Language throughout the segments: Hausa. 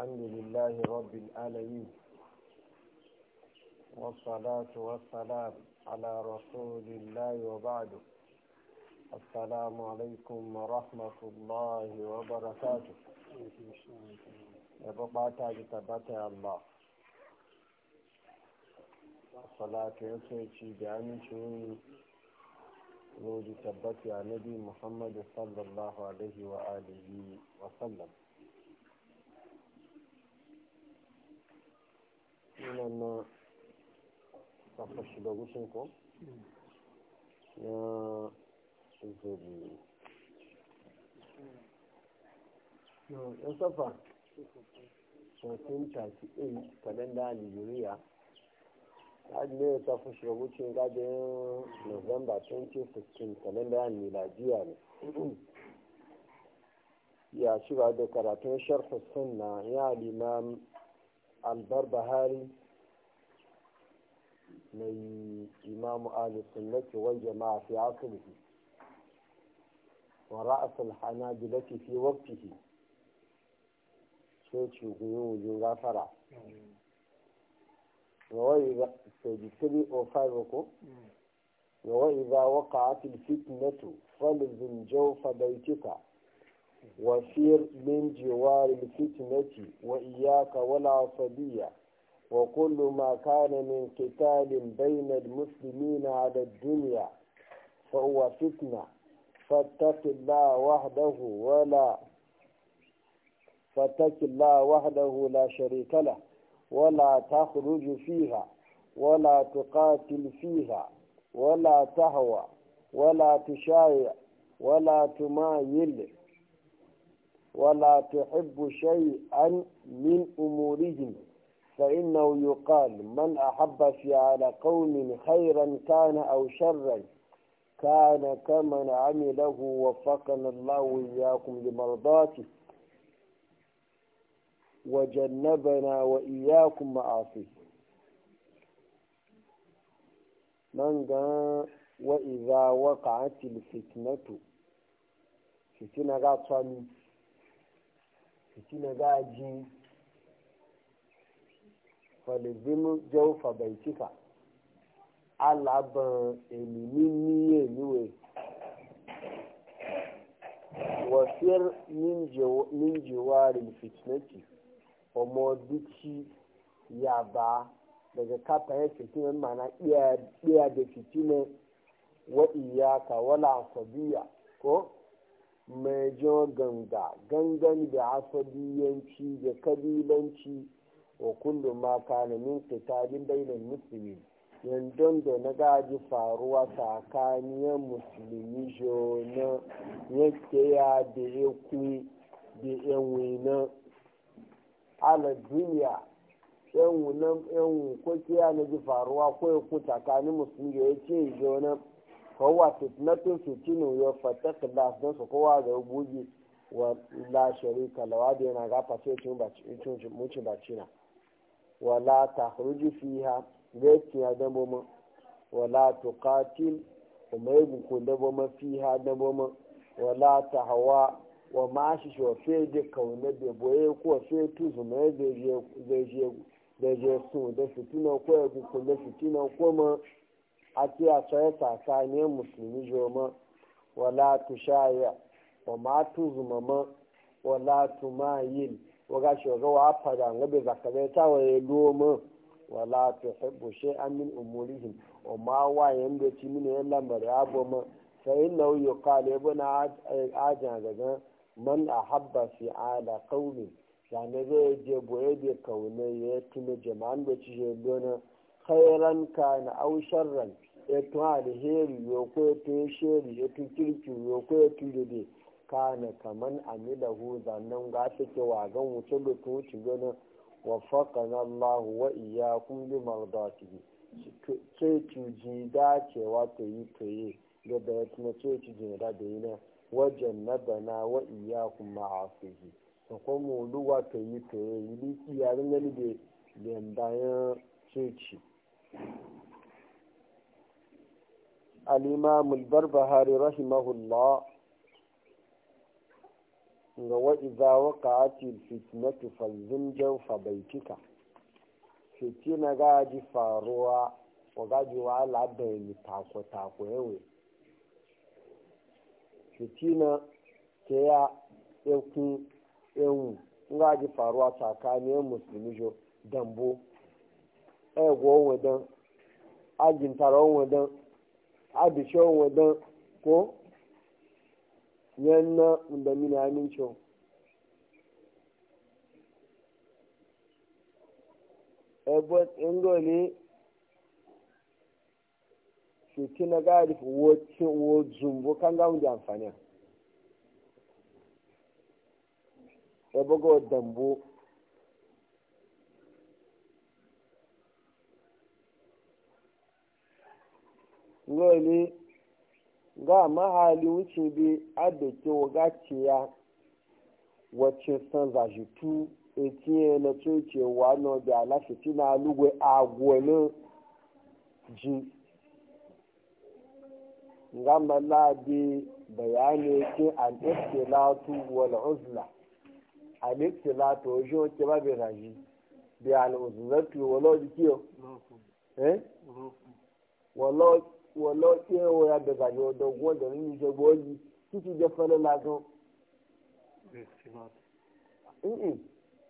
الحمد لله رب العالمين والصلاة والسلام على رسول الله وبعد السلام عليكم ورحمة الله وبركاته يبقى تاجتبت الله الصلاة يسوي بأمن شوي روج تبت يا نبي محمد صلى الله عليه وآله وسلم nan na kafa shiga gushin ko na zubi yan safa 1938 kalenda nigeria hajji ne ta fi shiga gushin gajin november 2016 kalenda miladiya ne ya shiga da karatun sharfa sunna ya albarbahari mai imamu alisunnaki wal jama'a fi asirihi wa ra'asul hanabilati fi waqtihi sai ci goyo wajen gafara وإذا تجتري أوفاركو وإذا وقعت الفتنة فلزم جوف بيتك وفير من جوار الفتنة وإياك ولا صبية وكل ما كان من قتال بين المسلمين على الدنيا فهو فتنة فاتق الله وحده ولا فاتق الله وحده لا شريك له ولا تخرج فيها ولا تقاتل فيها ولا تهوى ولا تشايع ولا تمايل ولا تحب شيئا من أمورهم فإنه يقال من أحب في على قوم خيرا كان أو شرا كان كمن عمله وفقنا الله وإياكم لمرضاته وجنبنا وإياكم معاصيه من قال وإذا وقعت الفتنة فتنة قاطعة fitina gaji falizimu jaufa bai cika alaban enimin niye niwe wasir min jewarin fitinaki omodici ya ba daga kata ya fitinan mana iya da fitina wa iyaka wala asabiya ko mai jan ganga gangan da asabiyanci da kabilanci wa kullum ma kana min qitalin bainal musulmi yandon da na gaji faruwa tsakaniyar musulmi jona yake ya da ya ku da yanwi na ala duniya yanwu na yanwu ko kiya na ji faruwa ko ya ku tsakanin musulmi da ya ce jona fawa fitnatin fitinu ya fata kala don su kowa da ya buge wa la sharika lawa da yana gafa sai cin mucin baci na wa la ta ruji fi ha zai ya dambo ma wa la ta katil wa mai buku dambo ma fi ha dambo ma wa la ta hawa wa ma shi shi je kauna da boye ko wa fi tuzu mai zai je su da fitina ko ya buku da fitina ko ma ati a tsaye tsakanin musulmi joma wala tu shaya wa ma tu zumama wala tu ga waga ga wa fada be zakabe ta waye goma wala tu hibbu shay'an min umurihim wa ma wa yanda ti min yalla ma fa innahu yuqalu ibna ajan daga man ahabba fi ala qaumin yana zai je boye da kaune ya tuna jama'an da ci je gona khairan kana aw sharran etun alheri yo ko etun sheri etun kirki yo ko etun dede kana kaman amilahu zannan ga take wa gan wuce da tuci gana wa na Allah wa iyyakum bi mardatihi sai da ji wa ta yi ta yi ga da ya kuma sai ki ji da da yi na wajen na bana wa iyyakum ma'asihi da kuma luwa ta yi ta yi liki yarin da da ya sai ci الإمام البربهاري رحمه الله وإذا وقعت الفتنة فالزمجة فبيتك fitina gaji faruwa wa gaji wahala da yi tako fitina ke ya ekun ewu ji faruwa tsakanin musulmi jo dambo egwu onwe don ajin tara onwe don abishan wadan ko yanna da mina amincin ebon ingo ne shuki na gari wo zumbu kan gamu da amfani ebogo dambo ngole ga mahali wuce bi adake waga ya wacce san zaji tu etinye na coce wa na obi alafiti na alugwe agwani ji nga mala bi bayani ke al-iftilatu wal uzla al-iftilatu ojo ke ba bi raji bi al-uzlatu wala jikiyo eh wala wọlọ tí ẹ wọ abẹgà ní ọdọ gbọdọ nínú ìjọba ọyí títí jẹ́ fẹ́lẹ́ lásán.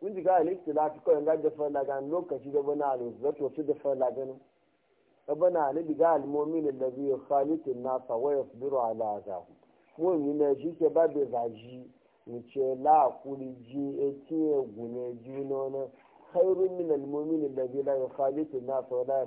mun ji kawai likita da fi kawai gajar fana ga lokaci da bana alu zato su da fana ganin da bana alu diga almomi da da biyu khalitin nasa waya su biro ala azahu mun na shi ke ba da zaji wuce la kuri ji e tiye gune juna min nasa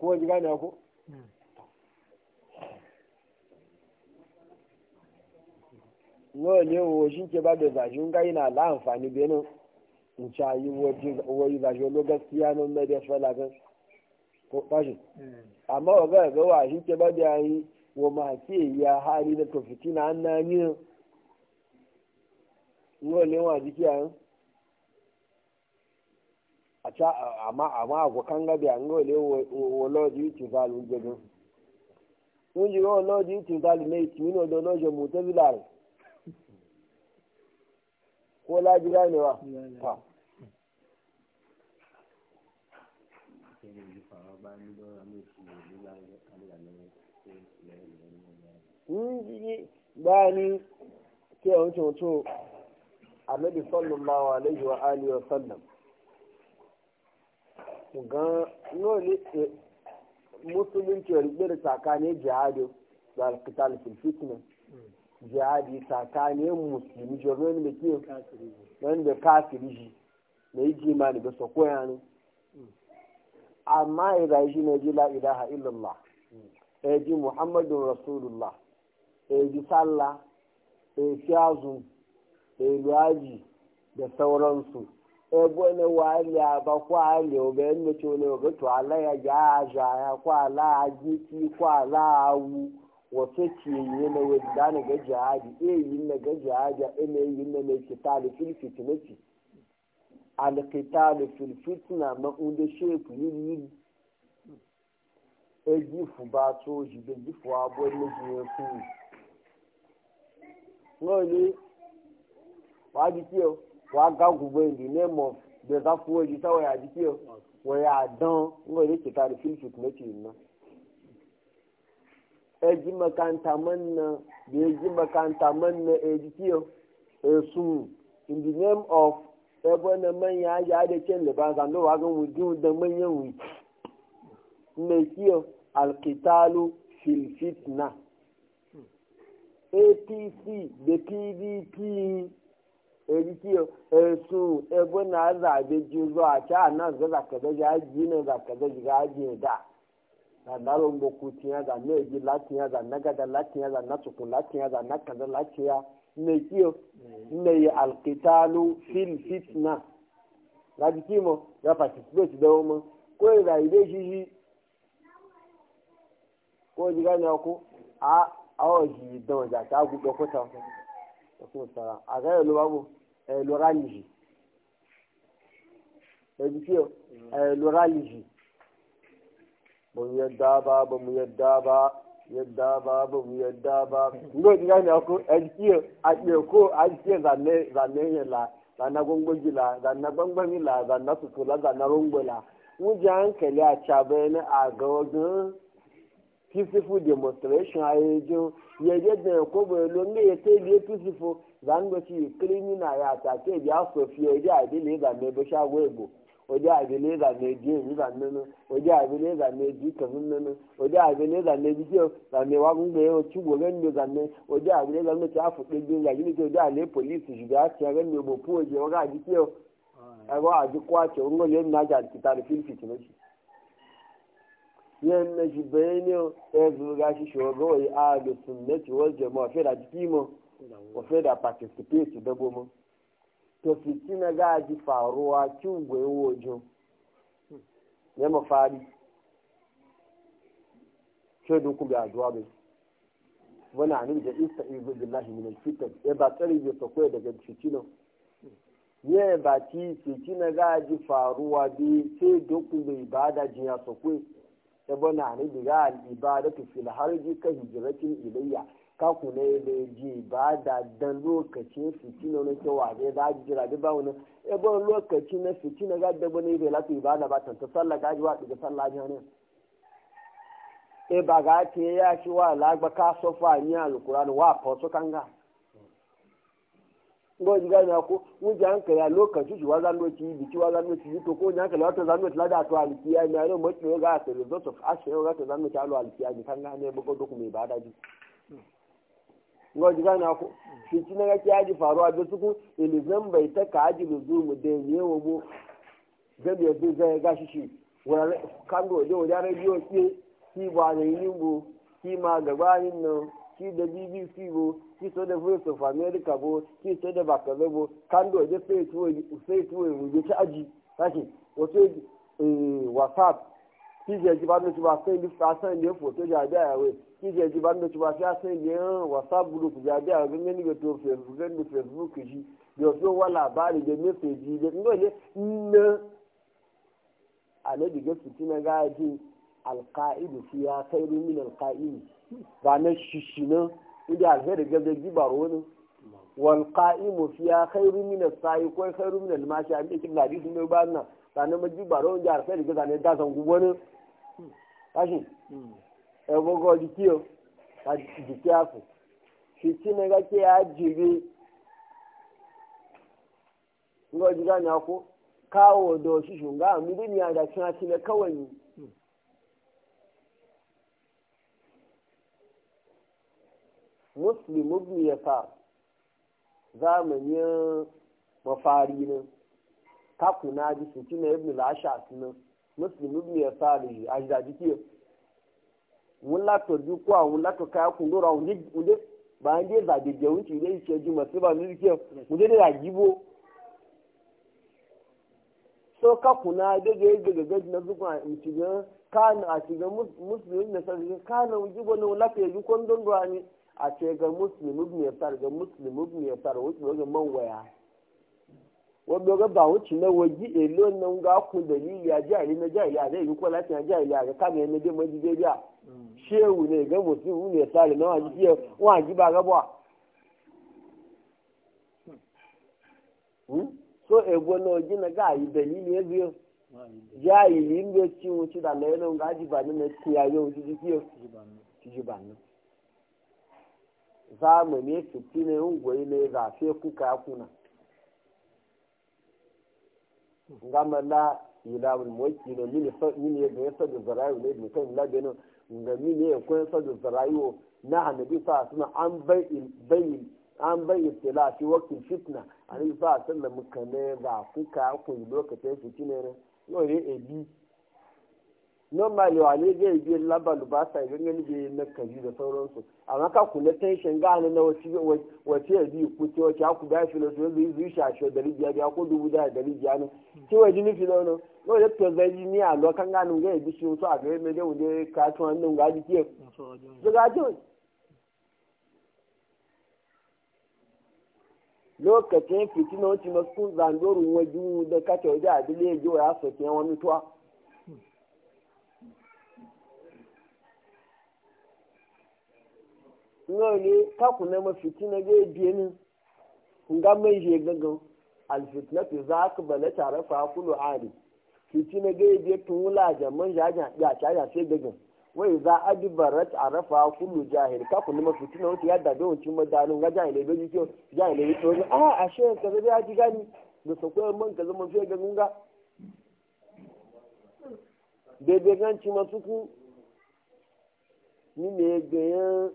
ko ji gane ko nawa ne wajin ke ba da zashin gai na la amfani benin in ca yi wani zashin lo gaskiya nan na da falagan fashin amma wa ga ga wajin ke ba da yayi wa ma ya hali da to fitina an na yi nawa ne wa jiki a aca ama ama agwo kanga bia nga ole wo lọọdi uti valu njegun wọn jiri wọn lọọdi uti valu na eti mi na ọdọ lọọdi ọmọ tẹbi laari wọn laadi láàyè wa pa. báyìí kí ọ̀hún tuntun àmì bí sọ́nù máa wà lẹ́yìn wa aliyu sọ́nù. gan nole musulunci rigbe tsakanin jihadi da alkital filfitna jihadi tsakanin musulmi jirgin da ke wani da kafiri shi na yi jima da bisa koya ne amma ya shi na ji la'ilaha illallah ya e ji rasulullah ya e ji sallah ya e fi azun ya luwaji da sauransu ebe na wali aba kwali oge nnochi onye oge tụ ala ya ji aja ya kwala ajiti kwala awu wato ci yi na wadda na ga jihadi eyi na ga jihadi ina yi na mai kitalu fil fitnati al kitalu fil fitna ma unde shefu yiri yiri ejifu ba to ji da jifu abuwa na jiye ku. Nwere, wa ji kiyo? wa ga gubo in the name of da za ku waje ta waya jiki waya don ngo ne ke tare fil ne tin na e ji makanta man na be makanta man na e jiki in the name of e ya ya da ken da ba zan wa ga mu ju da man yan wi ne kiyo alqitalu fil fitna APC e da PDP ebi kiyo esu ebe na zabe ji a ci a nan ga za da ji aji ne zaka da ji aji da na daro boku tiya za na eji latiya za na gada latiya za na tukun latiya za na kaza latiya ne kiyo ne yi alkitalu fil fitna na bi kimo ya participate da woma ko yi rayu dai shi shi ko ji gani ko a awa shi don wajen ta gudu kwata wasu musara a gaya lubabu l'oralgie. Edikiyo, l'oralgie. Ba mu yadda ba, ba mu yadda ba, yadda ba, ba mu yadda ba. Ngo eh, ji gane ah, ko edikiyo, ah, a ɗiyo ko a ɗiyo zane zane yin la, zane gongoji la, zane bangbami la, zane la zane rongo la. Mu ji hankali a cabe ne a ga wajen peaceful demonstration a yajin, ya kobo ya peaceful zan go ci krimina ya ta ke ya sofiya idi adile ga me bo sha wego ojú àgbélé ìgbà méjì èyí ìgbà nínú ojú àgbélé ìgbà méjì kẹfún nínú ojú àgbélé ìgbà méjì tí ìgbà mẹwàá ń gbé ojú wò lẹ́nu ìgbà mẹ ojú àgbélé ìgbà méjì àfọ̀pẹ́ gbé ìgbà yìí nítorí ojú àlẹ́ pòlíìsì ṣùgbọ́n àti ẹ̀rẹ́ mi òbò fún òye ọ̀rọ̀ àti tí ẹ̀rọ àdúkọ́ àti òun ni wafe da participate da goma to fitina ga ji faruwa kin gwaye wajen ya mafari sai don kuma addu'a bai wani anin da isa izu billahi min alfitan ya ba tsari ya sakwai daga fitinan ya ba ci fitina ga ji faruwa bi sai don kuma ibada ji ya sakwai ya wani anin da ga al'ibada ta filharji ka hijiratin ilayya kaku na da ji ba da dan lokacin fitina na ne za a jira da ba wani ebon lokaci na na ga da bane bai lafi ibada ba ta sallah ga ji wa daga sallah ji ne e ba ga ce ya shi wa lagba ka sofa ni alquran wa fa so kanga ngo diga na ko mu jan ka ya lokaci ji wa zan lokaci bi ci wa zan lokaci to ko jan ka la to zan lokaci la da to alkiya ne ro mo ci ga ta result of ashe ga ta zan lokaci alu ni kanga ne ba ko dokume ba ga ji gane ku shi na gaki yaji faruwa da suku ilizan bai ta ka aji luzumu da ne wa mu zai yadda zai ga shi kan da waje wajen rediyo ke ki ba da yi nimbo ki ma gabanin nan ki da bbc bo ki so da voice of america bo ki so da bakaza bo kan da waje sai tuwo sai tuwo ya ta aji sashi wato eh, whatsapp kíjẹ jí bá ń lọ́tí wá sẹ́yìn lífà sẹ́yìn lé fòtó jáde àwẹ̀ kíjẹ jí bá ń lọ́tí wá sí àsẹ́yìn lé wàsáàpù gúrùpù jáde àwẹ̀ gẹ́gẹ́ níbi tó fẹ̀fù gẹ́gẹ́ níbi facebook yóò fi wà de jẹ mẹ́fẹ̀ẹ́jì jẹ nígbà ne nná àlejò gẹ́gẹ́ fìtí náà gáà di alqaidu fi ya kairu min alka'idu ba na shishi na de alheri gẹ́gẹ́ gíbar wani walka'imu fi ya kairu min alsa'i ko kairu min almashi a cikin hadisi ne ba na sanin majibaro inda alheri gẹ́gẹ́ ne dazan gubanin kashi ẹgbogbo jiki o ka jiki afọ fiti na gake ya jiri nga ojiga na ko kawo da oshishi nga amiri ni ada cin cin kawai ni muslim ibn yasa zamanin mafari ne kakuna ji fiti na ibn lashas nan muslim ibn yasari ajda dike wun lato dukuwa wun lato kaya kundura wun de ba de za de je wun ci de ce ji masu ba ni dike wun de da gibo so ka kuna de ga ga na ga kana a ci ga muslim ne sai ne ni a ce ga muslim ibn yasari ga muslim ibn yasari ga man waya wanda ga ba na waji elo nan ga ku dalili ya jari na jari ya zai yi ko lati na ga kama yana dai a. dai ewu mm. shehu ne ga mutum ne na waji ke waji ba hmm. so ego na waji na ga yi dalili ya biyo na ga ji ba na ci ya yau ji ji ki ji ba na zamani fitina gama la ilawul moki no mini so mini ga yasa da zarayu ne da kan la beno ga mini ya ko yasa da zarayu na annabi fa suna an bai bai an bai istila fi waqti fitna annabi fa sallam alaihi ga kana da kuka ku lokacin fitina ne no ye ebi normally wane zai biya labalu ba sa gangan biya na kaji da sauransu amma ka kula tension gane na wace ya biyu ku ce wace aku biya filo su yanzu yi shi a shi dari biya biya ko dubu da dari biya ne ce wa jini filo ne no ya to zai ni a lokan ganin ga bi shi wasu a gare mai da wunde ka tun hannun ga ji ke lokacin fitina wacce masu zandoro wajen da kacewa da adilai ya ji wa ya soke wani tuwa ngole kakuna ma fitina ga biyenin nga mai je gagan alfitna fi za ka bala tare fa kulu ali fitina ga biye tula jaman ya ja ya ta ya sai gagan wai za a adibarat arafa kullu jahil kakuna ma fitina wata ya da don cin madalun ga ja da beji ko ja ile to a ah, a she ka da ya ji gani da sakwai man ka zama fiye gagan ga daidai ganci masu ku ni ne gayan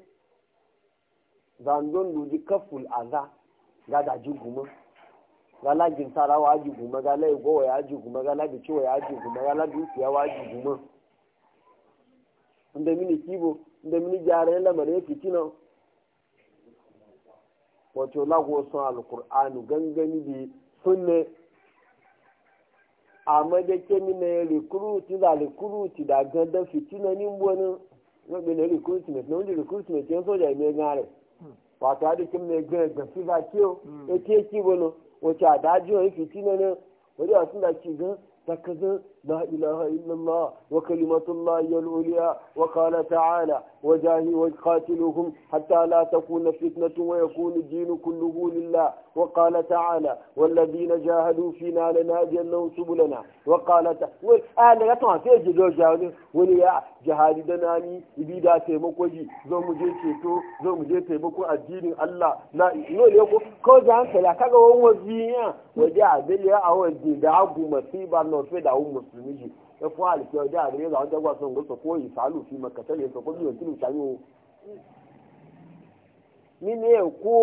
zandon luji kaful aza ga da ji guma ga lagin sarawa ji guma ga lai gowa ya ji guma ga lagi ciwo ya ji ga lagi ukiya wa ji guma inda mini kibo inda mini gyara ya lamar ya fitina wato lagos sun alkur'anu gangani bi sunne amma da ke mina ya recruit da recruit da gandan fitina ni wani wani recruitment na wani recruitment yan soja ne gare wato adi kim ne gbe gbe fi ba ki o eti hmm. eki bolo wato adaji o ifi ti nene wadi wasu da ki gan takazan لا إله إلا الله وكلمة الله هي العليا وقال تعالى وجاهي وقاتلهم حتى لا تكون فتنة ويكون الدين كله لله وقال تعالى والذين جاهدوا فينا لنا لنهدينهم سبلنا وقال تعالى أنا لا في جلو جاهدوا وليا جهاد دناني إبدا تيمكو وجي زو مجي تيتو زو مجي تيمكو الدين الله لا نو يقول كو جان كلا كاغا وون وزيا ودي عبد يا اول دي دا ابو مصيبه نو في musulmi ji ya fi aliki ọjọ́ eh, da làwọn jẹ́gbà sọ ńgọ́ sọ kó ìsàlù fi mọ̀ kẹtẹ́lẹ̀ sọ kó bí òtún ìsàlù o. nínú èkó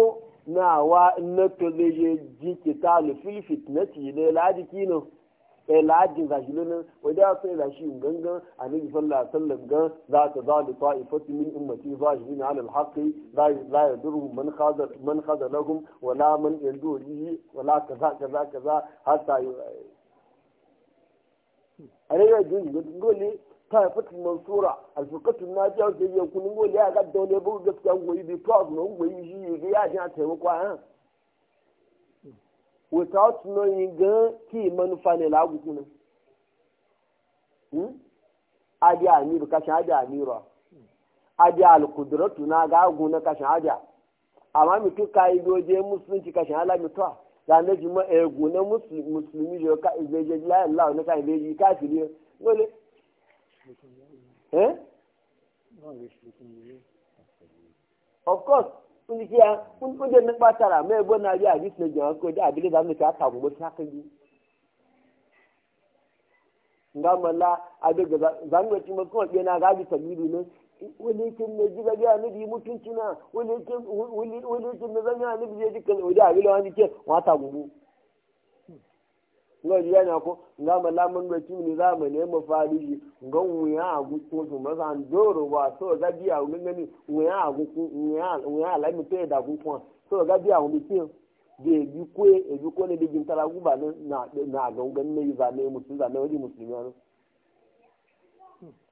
na wá nẹ́tọ́lẹ̀ yẹ jí kìtà lè fi fìtìnẹ́tì ilẹ̀ láàdì kí nà ẹ̀ láàdì ìzàṣì lónà ọjọ́ àti ìzàṣì gangan àníbi sọ́lá sọ́lá gan láti záàlù tó ìfọ́tí mi ìmọ̀tí záàṣì ní alẹ́ lọ́hàkì láyé dúró mọ́n xadà lọ́gùn wọ́lá mọ́n ẹ̀dùn òjì wọ́lá kàzá kàzá kàzá yi arewa dun goli ta fatul mansura alfaqatu najiya da ya kun goli ya ga dole bu gaskiya goyi bi proud no goyi shi ya ji a taimako a without knowing gan ki manufa ne lagu kuna hmm? adi amiru kashin adi amiru adi alkudratu na gagu na kashin adi amma mutu ka doje musulunci kashin ala mutuwa zane juma egu na musulmi yo ka ibeje la la na ka ibeje ka ti ni no le eh of course kun ki ya kun ko je me bo na ya ne jawa ko da abile da mu ta ta go ta kan yi ngamala abe ga zango ti mo ko je na ga bi ne wani ike na ji ga gaya na wani yake na zanya nabi zai jikin oji a wata gugu nga ji yana ko nga malaman da na ne zamani ya mafari shi nga wuya a guku su ga biya wani gani wuya a guku wuya a lami ta da so ga biya wani ke da ebi ko ebi ko ne da gintara guba na na yi zane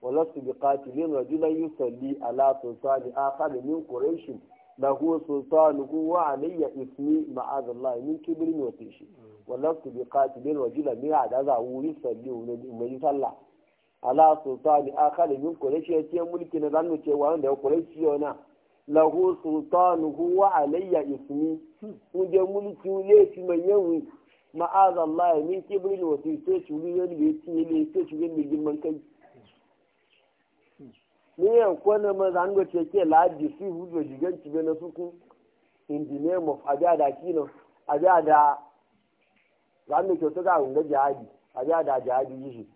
walastu bi qatilin rajulan yusalli ala sultani akhar min quraish lahu sultanuhu wa alayya ismi ma'azallah min kibrin wa tishi walastu bi qatilin rajulan min adaza hu yusalli wa yi sallah ala sultani akhar min quraish ya ce mulki na zanu da wa wanda quraish yana lahu sultanuhu wa alayya ismi mun je mulki ne mai yawi ma'azallah min kibrin wa shi shi girman kai ne kwana ma zan go ce ke laji fi hujo jigan tibe na suku in the name of abia da kino abia da zan ne kyoto ga unga jihadi abia da jihadi yishi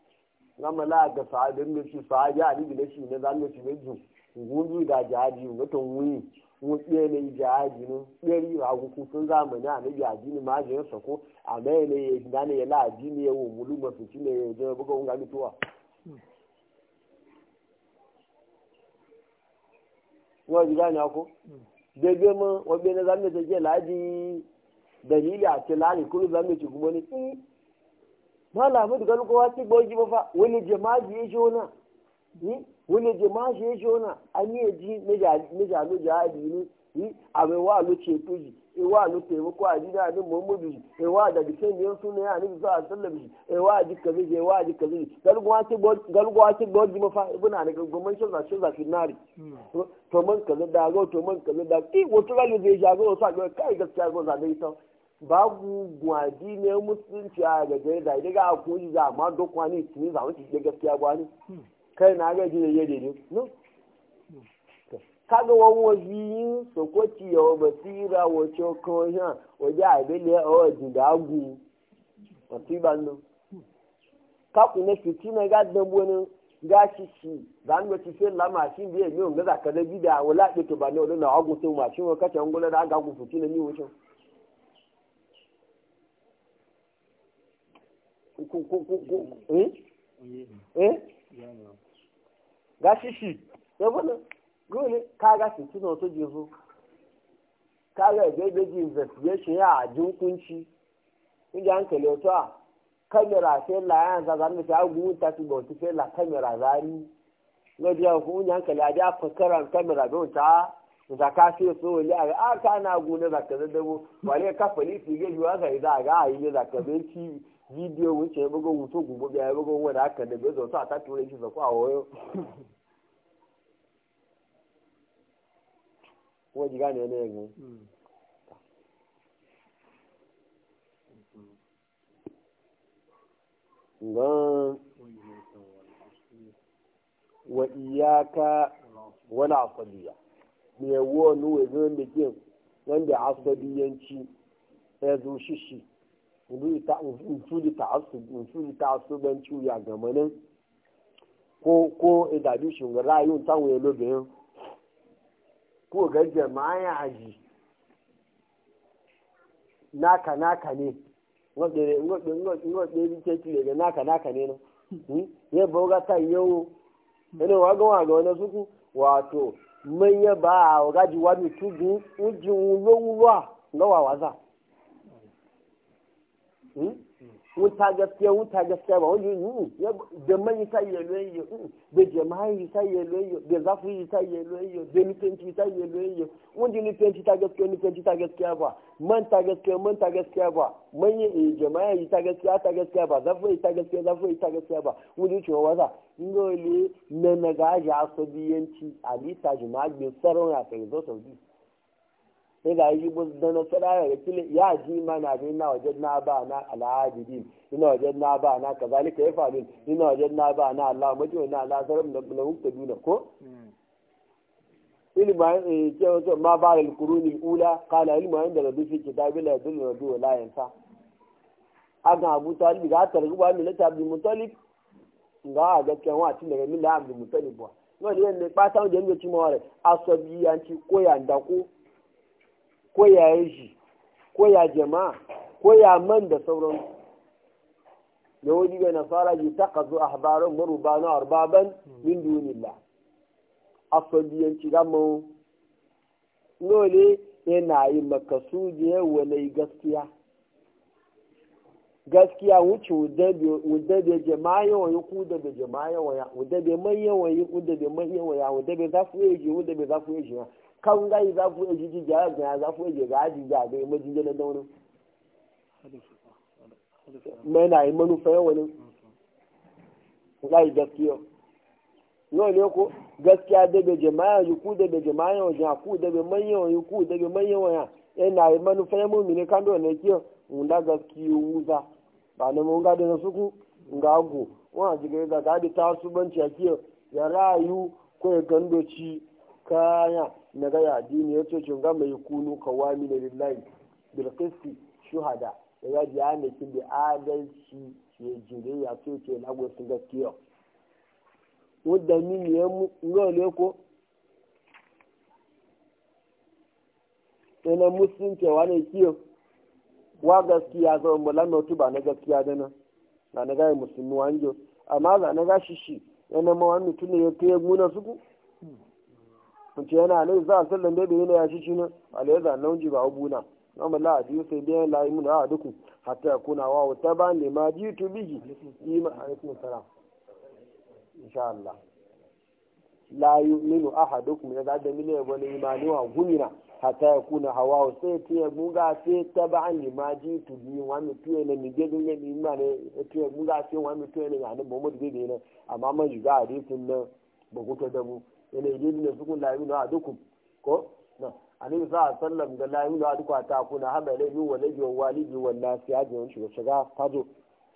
ngama la ga sahabin da shi sahabi ali bi da shi ne zan go ci beju ngundu da jihadi unga to wuyi wo tsaye ne jihadi no tsari ba ku ku sun zamani a nabi addini ma jin sako a mai ne ya ne ya la addini ya wo mulu mafici ne ya je buga unga mituwa Wani ti gánà kó gbẹgbẹ mọ́ wọ́n gbé nígbà mẹ́tẹ̀ jẹ́ dalili a láàrin kúrò nígbà mẹ́tẹ̀ kú mọ́ ni. máa là mọ́tò kan kó wá sí gbọ́ ojú fọ́fà wọ́n lè jẹ máa ṣe é ṣe ọ̀nà wọ́n lè jẹ máa ṣe é ṣe ọ̀nà a ní èjì méjà méjà lójà àdìyí ni àwẹ̀wò ewa lu taimako ko ajida ni mo muhammadu bi ewa da bikin biyan suna ya ni bisa a sallam shi ewa ji kaze shi ewa ji kaze shi galgwa ce gwar ji mafa ibuna hmm. ne gwamnan shi zashi zashi nari to man kaza da go to man kaza da ki wo to ga zai ja go sa go kai ga gaskiya go za dai ta gu gwadi ne musulunci a ga dai da daga ko ji za ma do dokwani tuni za wuce gaskiya gwani hmm. kai na ga ji ne yede ne no kaga wawo yin sokoti ya basira wo choko ya waje abele o jidagu wati bando kaku ne fitina ga dambo ne ga shishi dan wati fe la mashin biye ne on ga kada bida wala de to na wala agu to mashin wa kace ngola da ga gole kaga fitu na otu jivu kaga ebe ji investigation ya aji nkwunci ndị a nkele otu a kamera la ya zaza ndị ta agwụ nta ti otu fela kamera zari lọ́dí ọkùn oúnjẹ nkẹlẹ adé afọkẹrẹ nkẹmẹrà bí òǹtá nzaka sí èso òlì àgbà àká náà gùn ní zàkẹrẹ na wàlẹ ká pẹlíìsì yé ju ọsẹ yìí dáa àgbà àyè zàkẹrẹ ntí fídíò wùnchẹ ẹgbẹgbẹ wùtó gùn bóbi àyè ẹgbẹgbẹ wọn kuma ji gane ne yanzu ngan wa iyaka wala asabiya me wo nu we zo ne wanda asabiyanci ya e zo shishi ndu ta asubanci ya gamanin ko ko idabi e shugaba rayun tanwe lobeyin ko ma jama'a aji naka naka ne ngodere ngodere ngodere ke kile ga naka naka ne no hmm? ye boga ta yo ene wa ga wa ga na suku wato manya ba a gaji wa mi tudu ujin wulo wulo ga wa waza hmm? wuta gaskiya wuta gaskiya ba wani yi da man yi sai yalo yi da jama'a yi sai yalo yi da zafi yi sai yalo yi da nufinci sai yalo yi wani nufinci ta gaskiya nufinci ta gaskiya ba man ta gaskiya man ta gaskiya ba man yi eh, jama'a yi ta gaskiya ta gaskiya ba zafi yi ta gaskiya zafi yi ta gaskiya ba wani cewa wasa ngoli na nagaja a alita jima'a bin tsaron a kai zo saudi ga yi da na sadaya da ya ji mana bi ina wajen na ba na al'adidin ina wajen na ba na kazalika ya faru ina wajen na ba na Allah maji wani na na hukta duna ko hmm. ilma ke eh, ma ba al quruni ula qala ilma inda fi la yadullu rabbi wa abu ga mutalib ga daga da abdul mutalib wa wani ne pa ta wajen da cimo re asabiyanci ko yanda ko ko ya yi shi ko ya jama'a ko ya man da sauran wani da nasara ji ta kazo a habarin maruba na arbaban min dunilla asabiyanci gama nole yana yi makasudiyar wane gaskiya gaskiya wuce wadda bai jama'a yawan yi kuda da jama'a yawan ya wadda bai man yawan yi kuda da man yawan ya wadda bai za su yi ji wadda bai za su yi ji ya kan gai za ku yi e jiji ga ga za ku yi ga ji ga ga na dauna mai na yi manufa wani gai gaskiya yau ne ku gaskiya daga jama'a yi ku daga jama'a yau ya ku daga manyan yi ku daga manyan yana yi manufa ya mumini kan dole ne kiyo wunda gaskiya wuza ba na mun gado na suku nga jiga ga gadi ta su banci ya rayu ko ya na gaya addini ya ce cunga mai kunu kawami na lillahi bilkisti shuhada da ya ji ya kin da adalci ya jire ya ce ce lagos sun gaskiya wadda min ya ngole ko ina muslim cewa ne kiyo wa gaskiya ga mulan mutu ba na gaskiya dana na na gaya musulmi wanjo amma za na gashi shi yana ma wani mutum ne ya kai guna suku kunce yana nan za a sallan da bayyana ya shi shi ne alayyaza nan ji ba abu na amma la biyu sai biyan layi muna a duku hatta ya kuna wa wata ba ne ma ji yi ma a alaikum sara insha Allah minu la yu'minu ahadukum idza da mine wani imani wa gumina hatta ya kuna hawa wa sai ta ya buga sai ta ba ne ma ji tu bihi wa mi tuye ne mi gedin ne mi imani ta ya sai wa mi tuye ne ga nan Muhammad bai ne amma man yuga hadisin nan ba ku dabu yana yi ne su kun layi na duku ko na ani sa sallam da layi na duku a takuna haɗa laifi wa laifi wa walidi wa lafiya da wani shiga shiga fazo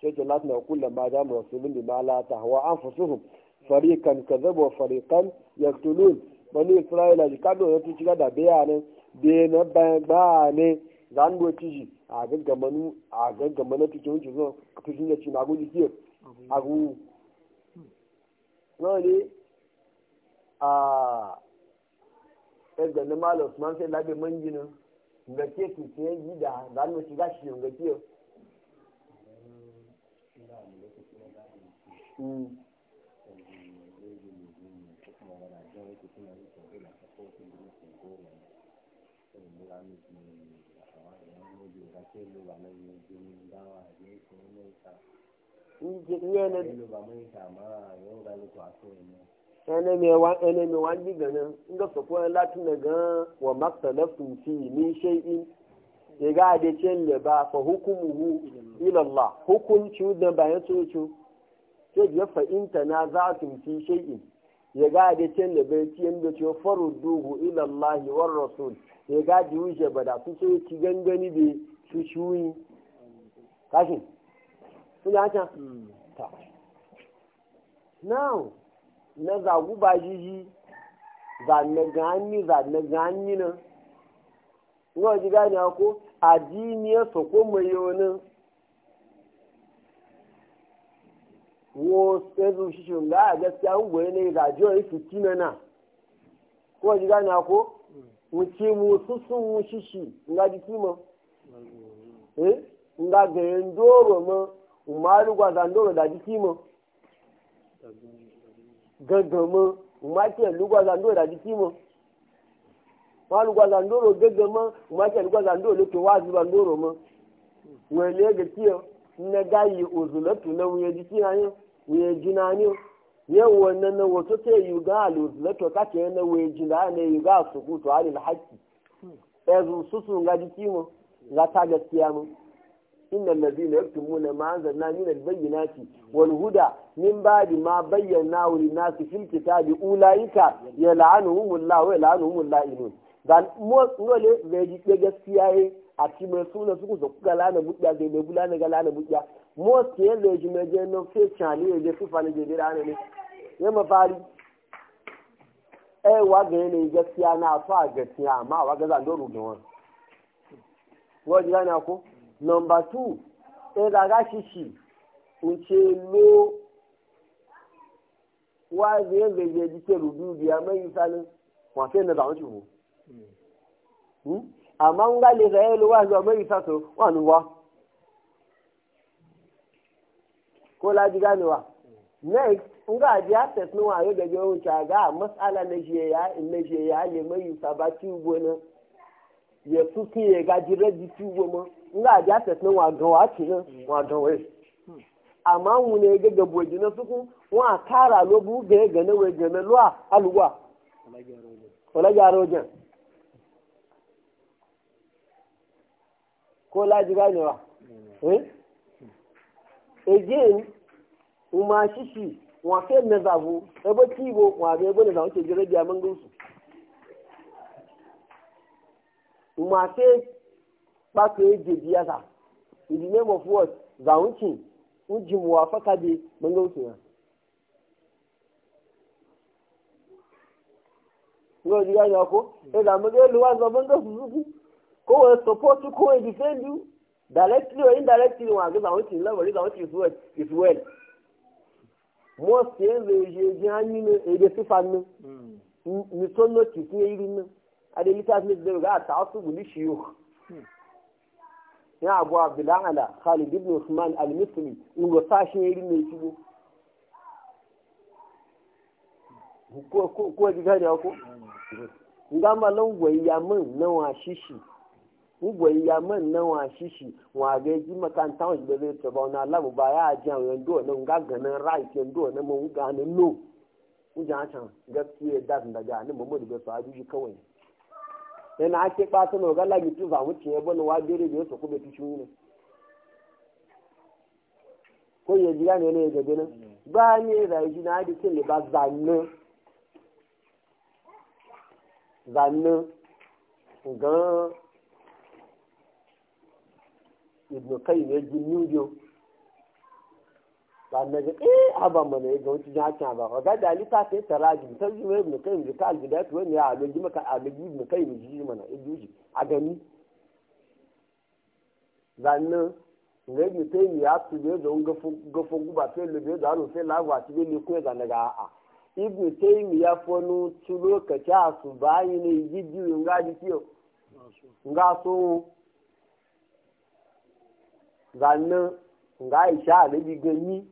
sai ke lati na kullum ba za mu rasu min da ta wa an fusuhu farikan kazabu wa farikan yaktulun bani isra'ila ji kado ya tuci da biya ne da na ba ne zan ci ji a gaggamanu a gaggamanu tuci wuce zo tuci ne ci na magu jikiyo agu. Wani a ɗanganin malam usman sai labe man ginin ga ke yi da zanen shiga shi ga enemi wangi ganin inda su kuwa latin da gan wa maktalafin fi ni ya ga da cin da ba fa hukumuhu ila Allah hukunci da bayan na za su fi shay'in ya ga da cin da bai cin da war rasul ya ga wuce ba da su na zagu ba jiji zanne ganyi na ganyi nan ngo ji gani ko adiniyar so ko mai yonin wo ezu shi shi ga a gaskiya an goye ne ga jiwa yi fitina na na ko ji gani ko wuce mu susun mu shi shi nga ji kima eh nga ga yin doro ma umaru gwa zandoro da ji ma. gangan mọ́ ìmáṣẹ́ ìlúgbàzà ń dò ìdájí tí mọ́ wọn lùgbàzà ń dòrò gangan mọ́ ìmáṣẹ́ ìlúgbàzà ń na lókè wá àzúbà ń dòrò mọ́ wọn èlé ẹgbẹ́ tí ọ wọn tí wọn nana wọn tó tẹ yìí gan àlè òzùlẹ́tù káàkiri náà wọn èjì náà yẹn yìí gan àsùnkù tó àlè إن الذين يكتمون ما أنزلنا من البينات والهدى من بعد ما بيناه للناس في الكتاب أولئك يلعنهم الله ويلعنهم اللائنون dan ngole veji ke gaskiya yi a ci mai suna suku su kuka lana buɗa zai mai gula na ga lana buɗa most yin da ji mai je nan fe cani ya je fifa na jere ana ne ya mafari ai wa ga yanayi gaskiya na so a gaskiya amma wa ga zan doro ga wani wajen gane ko Number two, ẹ̀dàgá ṣíṣì ń ṣe ló wá ẹ̀rẹ̀ ẹ̀rẹ̀ jíjẹ́ rúdú bí i amẹ́yìn sáré wọ́n fẹ́ nà bàwọn ṣùgbọ́n. Àmọ́ ń gá lè fẹ́ ẹ̀ ló wá ẹ̀rọ amẹ́yìn sàtọ̀ wà ní wá. Kó lájú gánà wa. Next, ń gá àdí access ní wọn àyẹ̀gẹ̀gẹ̀ ohun ṣàgá àmọ́sálà lẹ́ṣẹ̀ yà lè tí ó gbóná. Yẹ̀ tún kí ẹ̀ga jí rẹ́ di tí ó gbóná. nga a jasa tun wa gan wa ci nan wa gan wai amma mu ne ga gabo jina suku wa kara lobu ga ga na wai ga na luwa aluwa wala gyaro jan ko laji ganewa eh again uma shishi wa ke na zabu ebo tibo wa be bo na zawo ke jira biya mangusu uma ke pàtó èdè bí yàtà in the name of what zaunkin ń jì mú afọ́ka di gbẹ́ngàn òsì yàn. ní òjì yàn yàn kó ẹ̀dà mọ́gẹ́ olùwà sọ gbẹ́ngàn òsì kó wọ́n support kó wọ́n defend you directly or indirectly wọn àgbẹ̀ zaunkin lọ́wọ́ rí zaunkin is well is well. most yẹn lè ṣe èdè hàn nínú èdè fífa nínú nìtọ́ nọ́ọ̀tì fún eré nínú adé lítà smith lè rà àtàwọn tó wù ya abu da ala khalid ibn usman al-misri in ga sashen yari mai shigo ko ji gari ko nga malan gwayya min na wa shishi gwayya min na wa shishi wa ga ji makanta wa ba zai ta na labu ba ya ajiya wa yando wa nan gaganin right yando nan mawuga ganin no ujan can gaskiya da daga daga ni mu mu da sahabi kawai yana ake ɓata na gala mi tu zamu ci yabo na wajere da yato kuma tu shuni ko ya jira ne ne ga gina ba ne da yi na da kin ba zanne zanne ga ibn qayyim ya ji nujo sannan eh, ga eh aban mana ga wuce jin ba ga da ali ta sai ta ji mai mu kai mu ka algida to ne a logi maka a logi mu kai mu ji mana in ji a gani ne mu mu ya su je da ga fo guba sai da ru sai lagwa ci ne ko da daga a ibnu taymi ya fonu tu lokaci a su bayi ne gidi nga ji kiyo nga so zannan nga isha alibi gani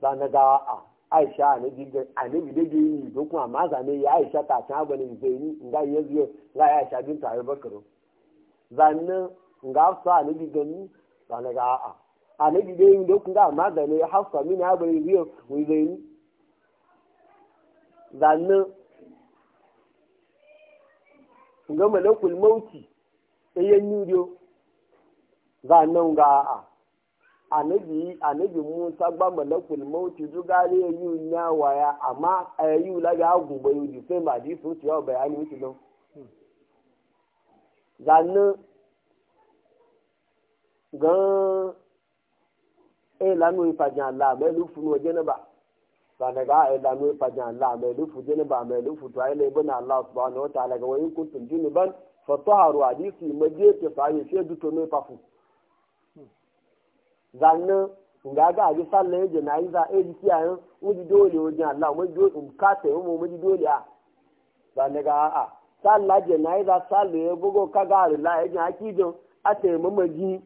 ba na gawa a aisha a na gigar a na bi dage yi ko kuma ma za ne ya aisha ta ta ga ne zai nga ya zuwa nga ya aisha bin tare bakaro zanne nga hafsa a na gigar ni ba na gawa a a na bi dai yi ko kuma ma za ne ya hafsa min ya bari zuwa mu zai yi zanne nga malakul mauti ɗayan nudiyo zanne nga a'a anabi anabi musa gba malakul mauti zugare yi nya waya amma ayi la ga gugbe yi sai ma di sun ciya bayani wuce don zanne gan e lanu ifajan la me lu funu oje na ba sana ga e lanu ifajan la me lu fu je na ba me lu fu to ai le bana allah subhanahu wa ta'ala ga wayin kuntum junuban zanna nga ga abi sallan jana'iza e eh, di kiyayen wuji dole wajen Allah mu do in ka ta mu mu dole a ba ne ga a salla jana'iza sallu ya bugo ka ga Allah ya ji hakijo a ta mu maji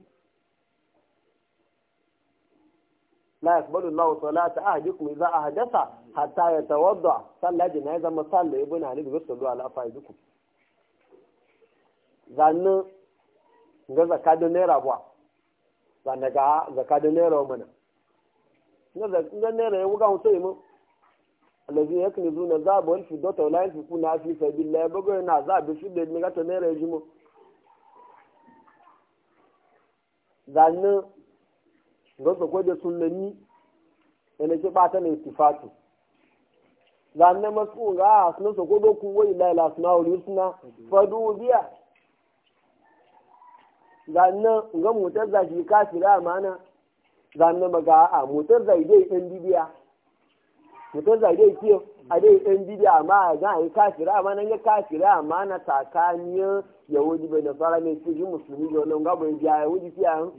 la yaqbalu Allah salata ahdikum idza ahdatha hatta yatawadda salla jana'iza masallu ibn Ali bi sallu ala faidukum zanna ga zakadun naira ba ba na ga zaka da naira wa mana na naira ya wuga mutu imu alazi ya kini zuna za ba wani fido ta wulayen fiku na fi sabi la ya bugu na za bi su da ga ta naira ya ji mu zanne ga su kwaje ni yana ke ba ta na istifatu zanne masu ga a sunan su kwaje kuwa ila ila suna wuri suna fadu biya zannan ga motar za shi kafira mana zannan ba a motar za dai ɗan bibiya motar za dai ke a dai ɗan bibiya amma a ga yi kafira mana ga kafira amana ya yahudi bai da fara mai cikin musulmi da wannan gaba ya biya yahudi fiya yan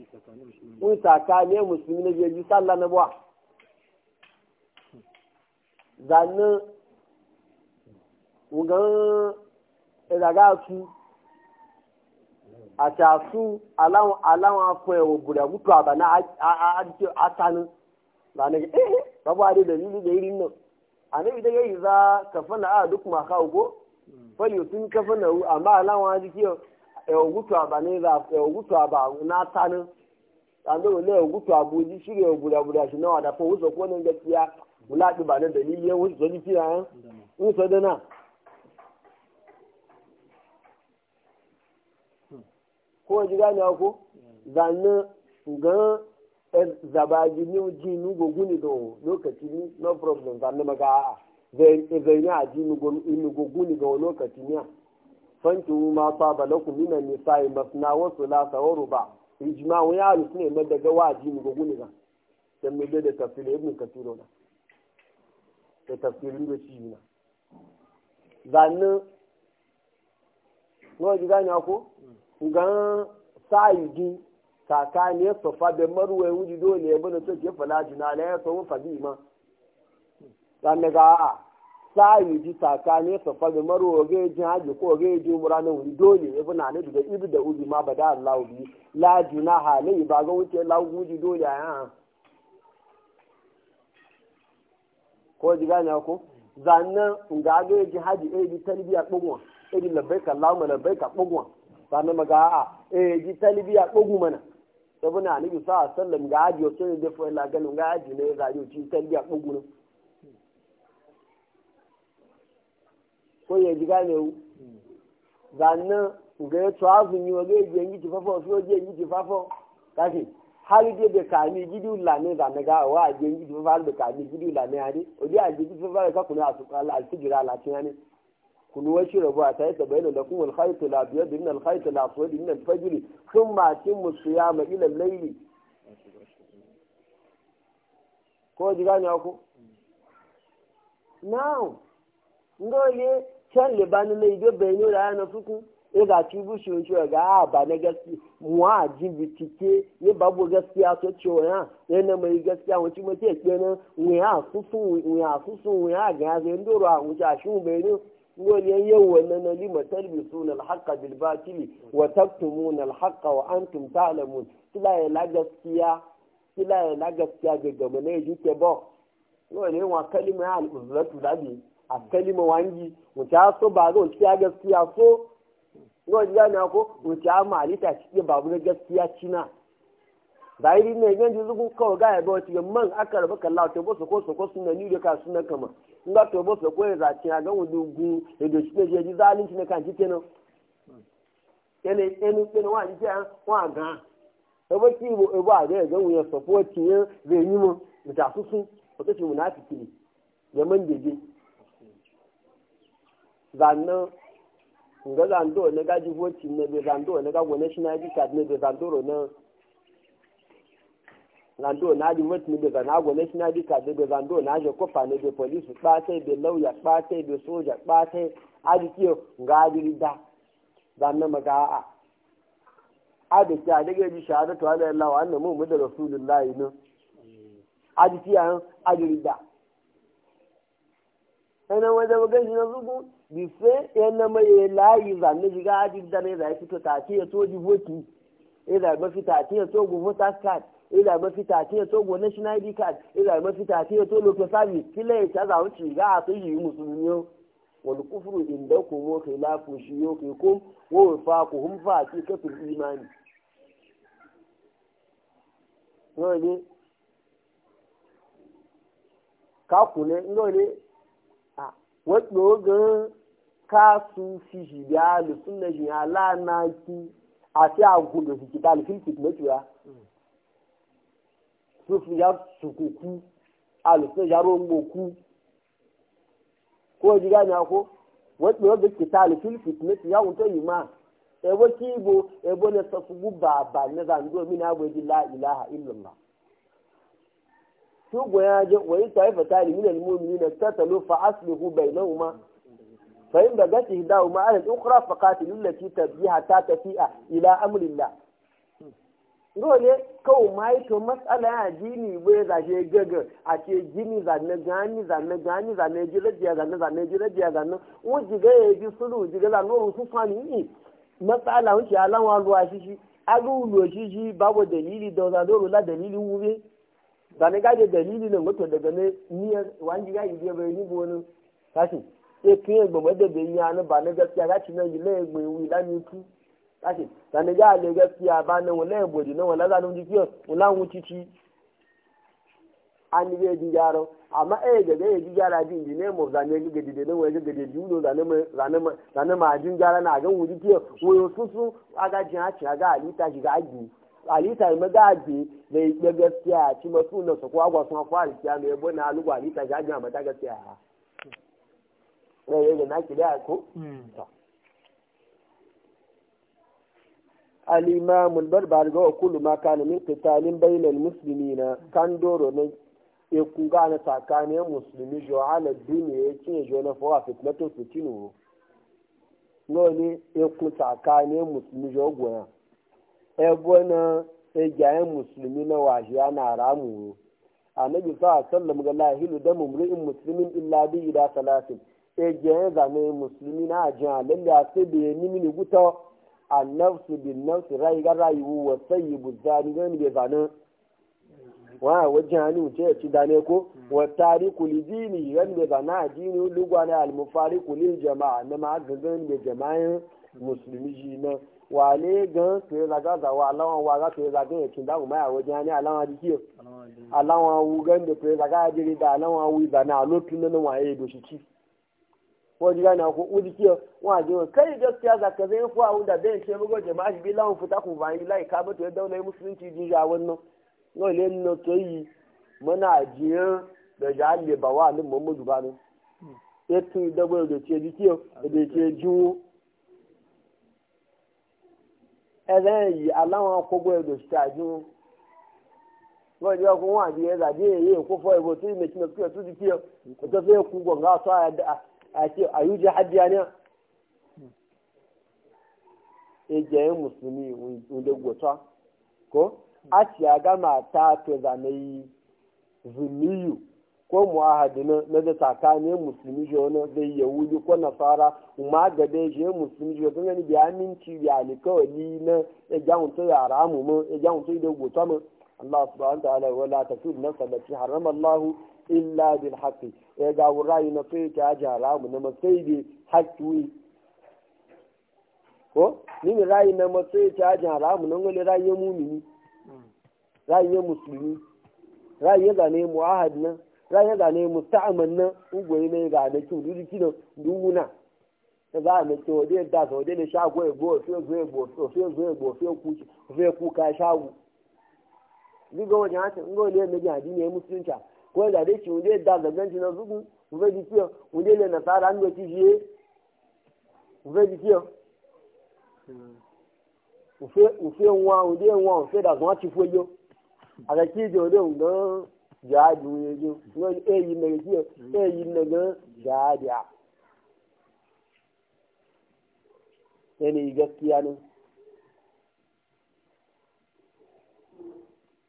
kun tsakaniyar musulmi na jeji sallah na buwa zannan ga raga e su àti àsú aláwọn aláwọn afọ ẹwọ gbòdà mútu àbànà a àtànù bàánà ẹ ẹ bàbá adédè níbi ìdè irin náà àníbi dẹgẹ yìí zá kàfọ náà àdókùn àká òkó fọlì òtún kàfọ náà wù àmà aláwọn adìsí ẹwọ mútu àbànà ẹwọ mútu àbà náà tánù hmm. àti òun náà ẹwọ mútu àbò ojú ko ji gani ko zanne ga eh, zabaji ni ji nu go guni do lokaci ni no problem zanne maka a zai eh, zai ni aji nu go ni go guni ga lokaci ni mu ma saba lakum min an sai masna wa thulatha wa ruba ijma'u ya alusne madaga waji nu go guni ga dan me da tafsir ibn kathir ona da tafsirin da shi na zanne ko ji gane ko gan sayidi tsakanin sofa da marwa wuji dole ya bane soke fala juna la ya samu fadima dan daga a sayidi tsakanin sofa da marwa ga ji haji ko ga ji murana wuji dole ya bana ne daga ibu da ubi ma bada Allah bi la juna halai ba ga wuce la wuji dole a ko ji gane ko zannan ga ga ji haji eh bi talbiya kungwa eh labbaika Allahumma labbaika kungwa sani maga a eh talibi talibiya kogu mana sabuna ni bi sa sallam ga aji o tun da fa la galu ga aji ne ga aji ji talibiya kogu ne ko ya ji gane u zanna ga ya to azun yi wa ga ji yangi ti fafo so ji yangi ti fafo kafi hali de de ka ni gidi ula ne zanna ga wa ji yangi ti fafo da ka ni gidi ula ne ade o di aji ti fafo ka kuna asu ala al tijira la tin ne كلوا واشربوا حتى يتبين لكم الخيط الابيض من الخيط الاسود من الفجر ثم اتموا الصيام الى الليل ko ji gane ku now ngole can libani na ido benyo da yana suku e ga ci bu shi shi ga ba na gaski mu a ji cike, ne babu gaskiya to ciwo ya ne na mai gaskiya wuce mace ce kenan mu ya susu mu ya susu mu ya ndoro a wuce a shi mu wani yawa na na lima talbisu na alhaƙa bilbatili wa taktumu na alhaka wa antum ta'lamun kila ya la gaskiya kila ya la gaskiya ga gama na yaji ke ba wani yawa kalima ya al'uzuratu dabi a kalima wangi wuce so ba zo ciya gaskiya so wani yana ko wuce a malita cikin babu na gaskiya cina zahiri ne yanzu zuku kawai gaya ba wata man aka rabu kallawa ta bosa ko su ko suna ni da ka suna kama nga to bo so ko za ti aga wo dugu e do shi je za lin ti kan ti teno ene enu penu wa ji an wa gan e bo ti bo e bo aga ga e wo ye support ye ze ni mo mi ta o ti na ti ti ye man de de nga ne ga ji voting ne be ne ga wo national id card ne be ro na zando na ji mutum da zana gwamnati na de de zando na je kofa ne da polisi ɓatai da lauya ɓatai da soja ɓatai nga ga adiri da zanna maga a adiki a daga sha shahada to ala Allah wa mu mu da rasulullahi ne adiki a adiri da ana wanda ga ji na zubu bife yana e mai layi zanne ga adiri da ne da ya e fito ta ce ya to jiboti e da e ba fita ce ya to gufu ta card ila mafita ce to go national id card ila mafita ce tolo local service kile ta za wuce ga a yi musulmi wal kufru indakum wa khilafu shuyukikum ko wafaquhum fa fa fi kafir imani ngoni kakule ngoni a wato ga kasu fi shiga lusunna shi ala na ki a sai a gudu su kita alfilkit na tura sufi ya sukuku alufe ya romboku ko ji gani ako wadda wadda ke ta alufin fitness ya wuta yi ma ebo kibo ebo na safugu baba na zango min abu ji la ilaha illallah su goya je wa yi taifa ta ni min almu'minin na tatalu fa aslihu bainahuma fa in bagati hidahuma ala al-ukhra fa qatilu allati tabiha ta tafi'a ila amrillah dole kawo mai to matsala ya jini bai zashe gaga a ce jini zane gani zane gani zane jirajiya zanne zanne jirajiya zanne wuji ga ya ji sulu ji ga zanne rusu fani yi matsala wuce alawa ruwa shi shi agulu shi shi babu dalili da zanne rula dalili wube zane gaje dalili nan wato daga ne niya wani ga yi bai ni bonin tashi e kin gbogbo da bai yi ba na gaskiya gaci nan yi lai gbogbo wila ni tu kashi sani ga ale gaskiya ba nan wala ya bodi nan wala zanun jikiyo wala wucici an ga ji yaro amma eh ga ga ne zane ga gidi nan wai ga gidi zane ma zane ma ma jin na ga wuri kiyo wayo susu aga jin a ci aga alita shi ga aji alita yi maga aji ya gaskiya ci su na su na hmm. eh, ga a mata gaskiya Ne na ko? Hmm. al-imam al-barbar ga kullu ma kana min qitalin bainal muslimina kan doro ne e ku ga na tsakanin musulmi jo ala duniya ya ce jo na fa fitnatu fitinu no ne e ku tsakanin musulmi jo goya e bona e jaye musulmi na waje ana ramu annabi sa sallam ga lahilu da mumri'in muslimin illa bi ila salatin e jaye zane musulmi na ajan lalle a sai da ni mini guta annafsu bin nafsu rai ga rayuwa wa sayyibu zani ga ne zani wa wajen hannu ce ya ci dane ko wa tariku li dini ran da zana dini lugwa na almufariku lil jama'a na ma gazan da jama'in musulmi shi na wale gan to ya zaga za wa alawan wa za to ya zaga ya cin dawo maya wajen hannu alawan jiki alawan wu gan da to ya zaga ya da alawan wu zana a lotu na na waye doshi ci Wani ji ko uji kiyo wa ji kai gaskiya za ka zai fuwa wanda bai ce mugo jama'a shi bilan futa ku ba yi lai ka ba to e daula musulunci ji ga wannan no le no to yi muna jiya da jalle ba wa nan Muhammadu ba ne etu e e da bai da ce ji da ce juwo ẹlẹ́yìn yìí aláwọn akógbó ẹ̀dọ̀ ṣáájú wọ́n yi ọkùnrin wọn àbí ẹ̀dà bí èyí èkó fọ́ ìbò tí ìmẹ̀tìmẹ̀ kí ẹ̀ tó ti kí ẹ̀ tó fẹ́ kú gbọ̀ngàn ake ayuji hajjiya ne ejiyayi musulmi wunde gota ko a aga gama ta to zanayi zumiyu ko mu'ahadi na da tsakanin musulmi shi wani zai yahudi ko nasara ma ga dai shi musulmi shi wani gani bi na ya yara mu mu ya jahun to Allah subhanahu wa ta'ala wa la tasud illa bil haqqi ya e ga wurayi na sai ta ji mu na sai bi haqqi ko ni mi rayi na sai ta ji mu na ngole rayi mumini rayi musulmi ya ga ne muahad na ya ga ne musta'man na ugoyi ne ga e da kin na duguna ta za a mace da sa da shago ya go fiye zo ya go fiye zo go shago. ne na ne ko da dai ki wunde da gaganci na zugu wunde di kiyo wunde le na sara an wati je wunde di kiyo ufe ufe nwa wunde nwa ufe da zwa ti foyo aga ki je wunde ngan jaadi wuye je ngan e yi na kiyo e yi ne na ngan jaadi a yani gaskiya ne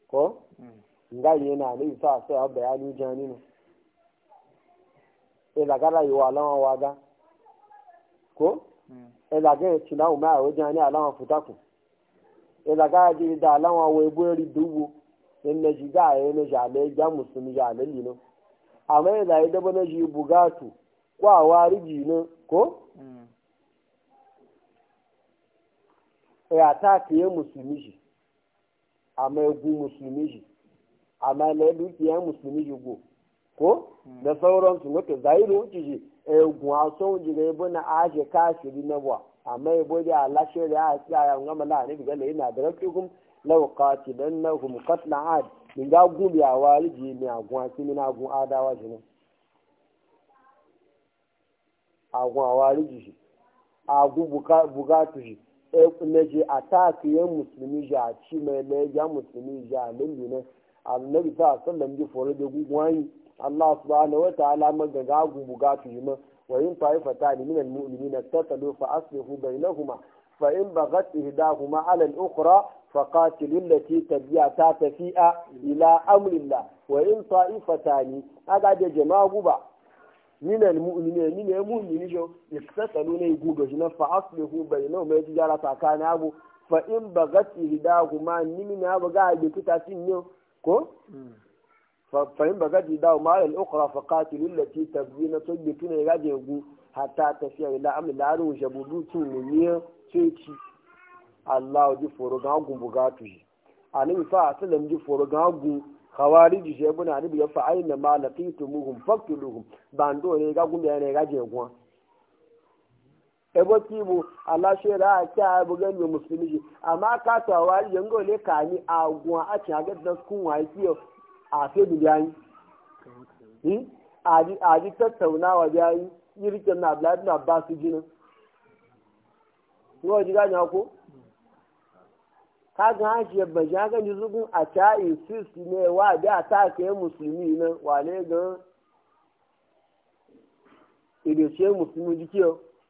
ko hmm. ngayi na ne sa sai ya ni jani ne e la gara yi wa waga ko e la ti o jani futaku e la ji da lawan we bori dubu in ne ji ga e ne ja le ja musulmi ja le lino amma e la ida bana ji bugatu ko e ata ke ji ama egu ji amma na dukiyar musulmi jigo ko da hmm. sauransu wato zahiru wuce shi egun eh, aso wuce ga ibo na aje kashiri na buwa amma ibo da alashe da ya tsaya ngama la ne daga na yana daraktukum law qatilannahum qatla ad min ga gubi a waliji ne agun asimi na agun adawa shi ne agun a ji shi agun bugatu shi eh, na je a takiyen musulmi ji a ci mai na ya musulmi ji a lullu ne annabi sa sallam ji fore da gugwani Allah subhanahu wa ta'ala magaga gubuga yi ma wa in ta'ifata ni min almu'minina tatalu fa aslihu bainahuma fa in bagat ihdahuma ala al-ukhra fa qatilu allati tabi'a ta tafi'a ila amrillah wa in ta'ifata ni aga de jama'a guba min almu'minina min almu'minina jo yaktasalu ne gugo jina fa aslihu bainahuma yajara takana abu fa in bagat ihdahuma ni min abu ga de kitasin ne ko hmm. fahim ba gaji dawo ma'alar ukura fa katilun da ci tabbi na sun bitu ne gaji yagu hatta tafiya ila amin da harin wuce bubu tun mummiyar ceci allah ji foro ga hagun bugatu shi a nan fa a salam ji foro ga hagun kawari ji shi ya buna ni biyar fa'ayin da ma laƙitu muhun fakti luhun ba ndo ne ga gumbiya ne gaji yaguwa ebo kibu ala shera a kya abu gani mai musulmi ji amma ka tawa yango le ka ni agun a ci agar da kun wa kiyo a fe biyayi aji aji yi hmm? biyayi yirkin na abdullahi ibn abbas jinin ko ji gani ko kaga an shi yabba shi haka zugun a ta su ne wa da ta ke musulmi nan wale ga idoshe musulmi jikiyo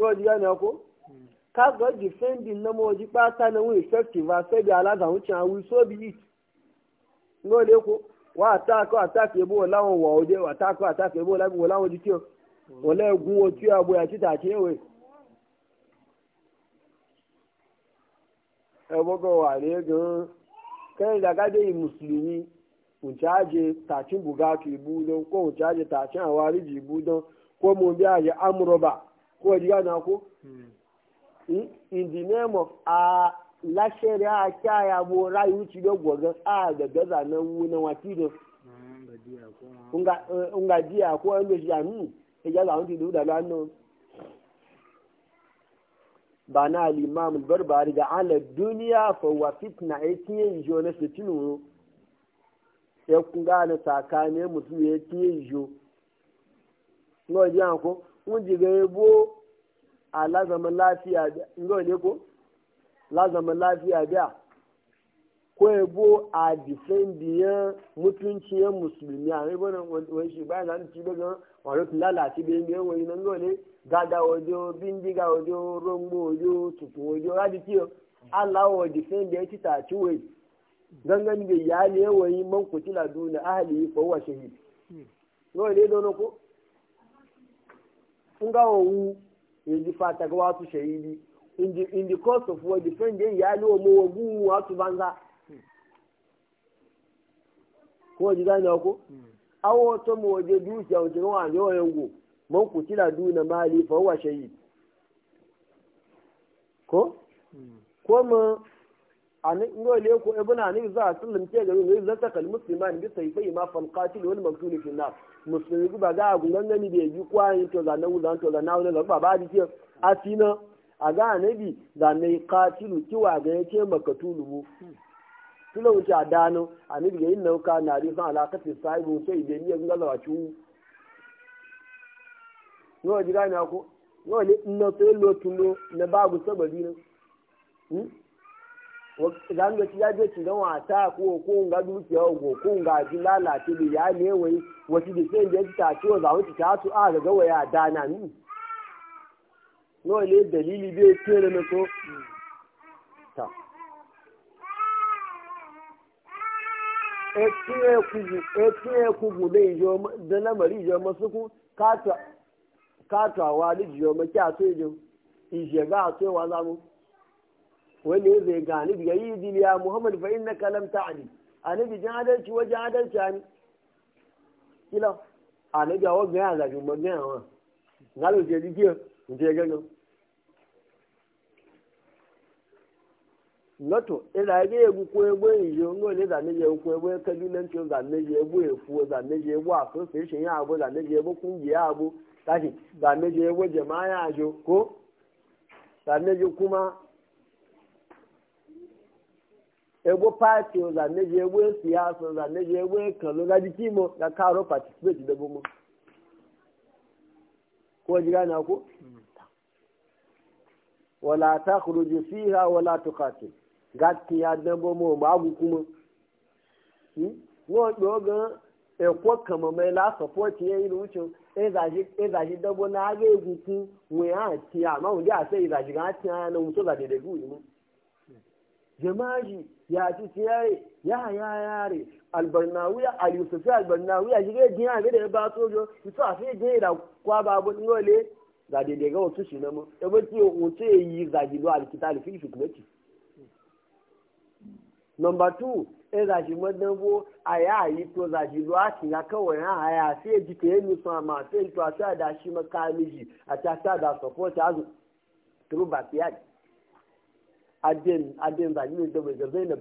wọ́n di gánà ọkọ́ kágọ́ dìfẹ́ǹdì nọ́mọ ojú pátá náà wọ́n effective àfẹ́bí aládàáhùn tí àwọn ìṣòbí yìí wọ́n lé kó wọ́n àtàkọ́ àtàkì ebó wọn láwọn wọ̀ ọdẹ àtàkọ́ àtàkì ebó wọn láwọn ojú tí wọn wọ́n lẹ́ẹ̀gún ojú àbọ̀ àti tàkì ẹ̀wẹ̀. ẹ gbọ́dọ̀ wà lé gan-an ko jiga na ndị in the name of a lashari a kyaya bo rayu ci da gwagan a da gaza na na wati da nga diya ko an da jiya ni e la da la no al imam al barbari ga ala duniya fa wa fitna etiye jo na fitinu ya na sakane jo mun ji ga a lazaman lafiya ngo ne ko lazaman a difendiyan mutunciyan musulmi a rai bana wani shi bayan zan ci daga wani tun biyan wani na ngo ne gada ojo bindiga ojo rombo ojo tutu ojo radikiyo allah wa difendiyan tita ciwe gangan bai duna ahali funga owu eji fata ga watu shahidi in the course of war defend dey ya lo mo watu banza ko ji gane ko awo to mo waje dukiya waje wa ne wa yango man ku tira na mali fa huwa shahid ko ko ma ngo le ko ibn anabi za a sallam ke garin ne zata kal musliman bi sayfai ma fal qatil wal maqtul fi nar muslimi ba ga gun gangani da yi kwani to za na wuzan to za na wani ga baba di ke asina a ga anabi za ne qatilu kiwa ga yake makatulu mu tulo wuce a dano anabi ga yin nauka na ri san alaqati sahibu sai da ni ga lawa chu ngo ji ga na ko ngo le no to lo tulo na babu sababi ne zan ga ya je cikin wasa ko ko ga dukiya ko ko ga ji da ya ne wai wasu da sai ta ciwo za wuce ta su a ga ya dana ni no le dalili be tere na ko ta etinye kwugu etinye kwugu da ijo da lamari ijo masu ku kata kata wa da ijo ma kya so ijo ije ga so wa wani zai ga anabi ya yi diliya muhammad fa inna kalam ta ani anabi jin adalci wajen adalci ani kila anabi awo gaya a zafi ma gaya wa na lo je dikiyo n je gano lọtọ ila ga egwu kwa egbe iyo ngo ne za ne egwu egbe kabila nti za ne je egwu efu za ne je egwu association ya abu za ne je egwu kungiya abu tashi za ne egwu jama'a ya ajo ko za kuma egbo pati ụza neji egbo esi ya asụ ụza neji egbo ekelu ga dike imo ga karo participate debo mo ko jiga na ku wala ta khuruji fiha si tuqati gatti ya debo mo ma agu kuma na agha egwu ku ha a ama ụdị asị se izaji ga ti ana mu so za de de jama'i ya ci siyaye ya ya yare albarnawiya alyusufi albarnawiya shi ga jiya ga da ya ba sojo su a sai je da kwa babu ngole ga daidai ga wasu shi na mu da ba ce wuce yi zagi do alkitali fi fi kuma ci number 2 e zagi madan bo aya yi to zagi do a ci ga kawai ha aya sai ji ke ni so ma sai to a sa da shi makamiji a ta sa da support azu turu ba fiyaji adin adin zagi ne ga Zainab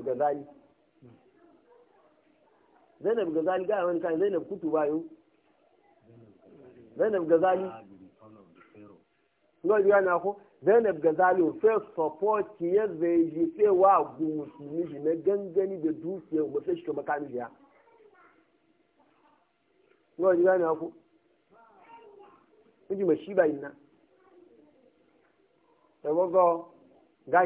Zainab ga wani kan Zainab kutu bayo Zainab Ngo biya na ko Zainab support ya zai ji na gangani da dukiyar shi Ngo biya na ko shi Da ga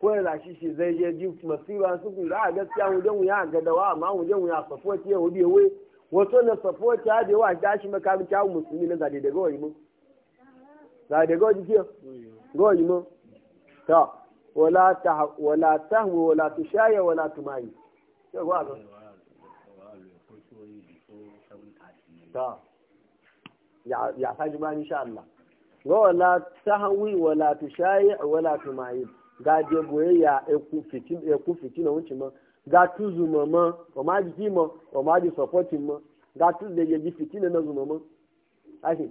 ko ya shishi zai je ji masiba su ku za a gaskiya mu mu ya ga dawa amma mu mu ya support ya hudu ya wai wato na support ya je wa gashi makami kyawun musulmi na zade daga wani mu zade ga wani kiyo ga wani mu ta wala ta wala tahmu wala tushaya wala ta sai ga ga ta ya ya saji Allah ga wala hawi wala tushayi wala tumayi ga je boyayya eku fitin eku fitina wunci ma ga zuma mama o ma ji ma o ma ji sofotin ma ga tuzu da je fitin na zuma ma ake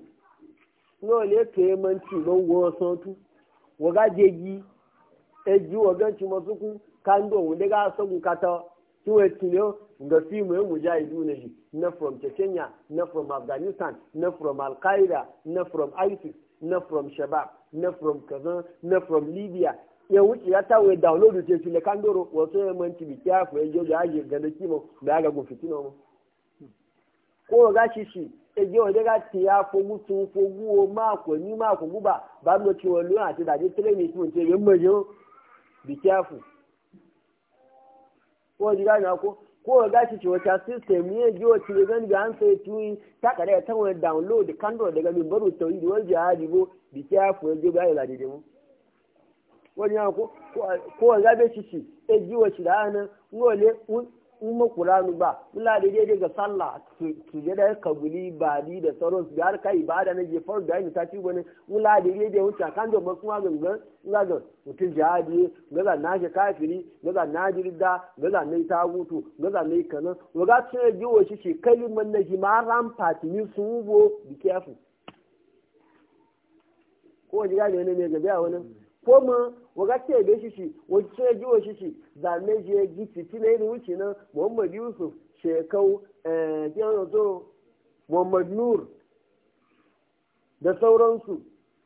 no le ke man ci don wo so tu wo ga je gi e ji wo gan ci ma suku kan do wo de ga so ku kata ti we ti ga fi e mu yan mujahidu ne na from chechnya na from afghanistan na from al qaeda na from isis na from shabab na from kazan na from libya ya wuce ya tawo download ce file kandoro wato ya manci bi kya fa yaje da aje ga da kimo da ga gun fitina mu ko ga shi shi eje o ga ti ya fo mutu fo gu ma ko ni ma ko guba ba no ti wo lu ati da je training ti mo je mo je bi kya fu ko ji ga na ko ko ga shi ce wata system ne ji wata ne gani ga hansa ya tuyi ta kare ta wani download kando daga min baro tauri da wani jihadi bo bi ta ya fuwa je bayan zade da mu wani ya ko ko ga be shi shi e ji wata da hana ngole in makuranu ba mula da daidai ga sallah su je da kabuli ba di da sauran su har kai ibada na je faru da yin ta ci wani mula da daidai wuce kan da mun kuma ganga ina ga mutun jihadi ga na shi kafiri gaza na ga gaza na ta gutu gaza na kana wa ga ce jiwo shi shi kalimar na shi ma ran fatimi sun hubo be careful ko ji ga wani ne ga a wani ko mun waga ce be shi shi wani ce ji wa shi shi zane ji ya ji titi na irin wuce na muhammad yusuf shekau biyan eh, zo muhammad nur da sauransu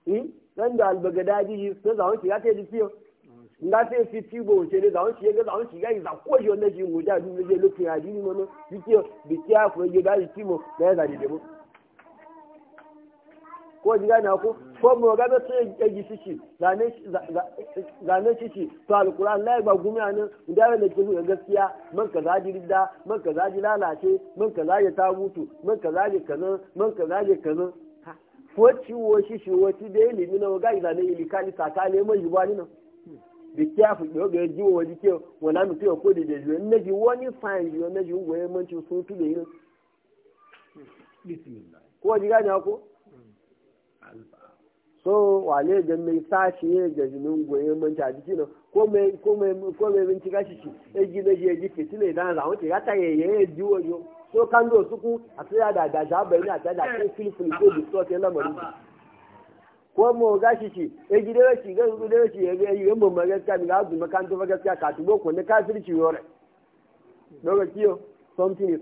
eh, nan da albagada ji albagadadi na zawon shiga ta yi fiye nga te fi ti bo se le zawon shiga zawon shiga yi zako yi wanda shi mu da duk ne je lokacin adini mana fi kiyo bi kiya kuma je ba shi timo da ya zari da mu. ko ji gane ku ko mu ga da sai ya gi ciki zane zane ciki to alquran lai ba gumi anan inda ne ke ga gaskiya man kaza zaji ridda man kaza zaji lalace man kaza zaji ta mutu man kaza zaji kaza man kaza zaji kaza ko ci wo shi shi ti da ilimi na ga zane ilikali sakale mai na bi da fu da ga ji wa ji ke wala mu tiyo ko da da ji ne ji wani fine ji ne ji waye mun ci tu tude yin bismillah ko jiga gane ku so wale ga mai sashi jinin goyon manta jiki ko mai bincika shi shi ya ji na idan ya ta yaya ya ji wajo so kan suku a tsaya da da sha na ta da ko ka ko ne kafirci yore daga kiyo something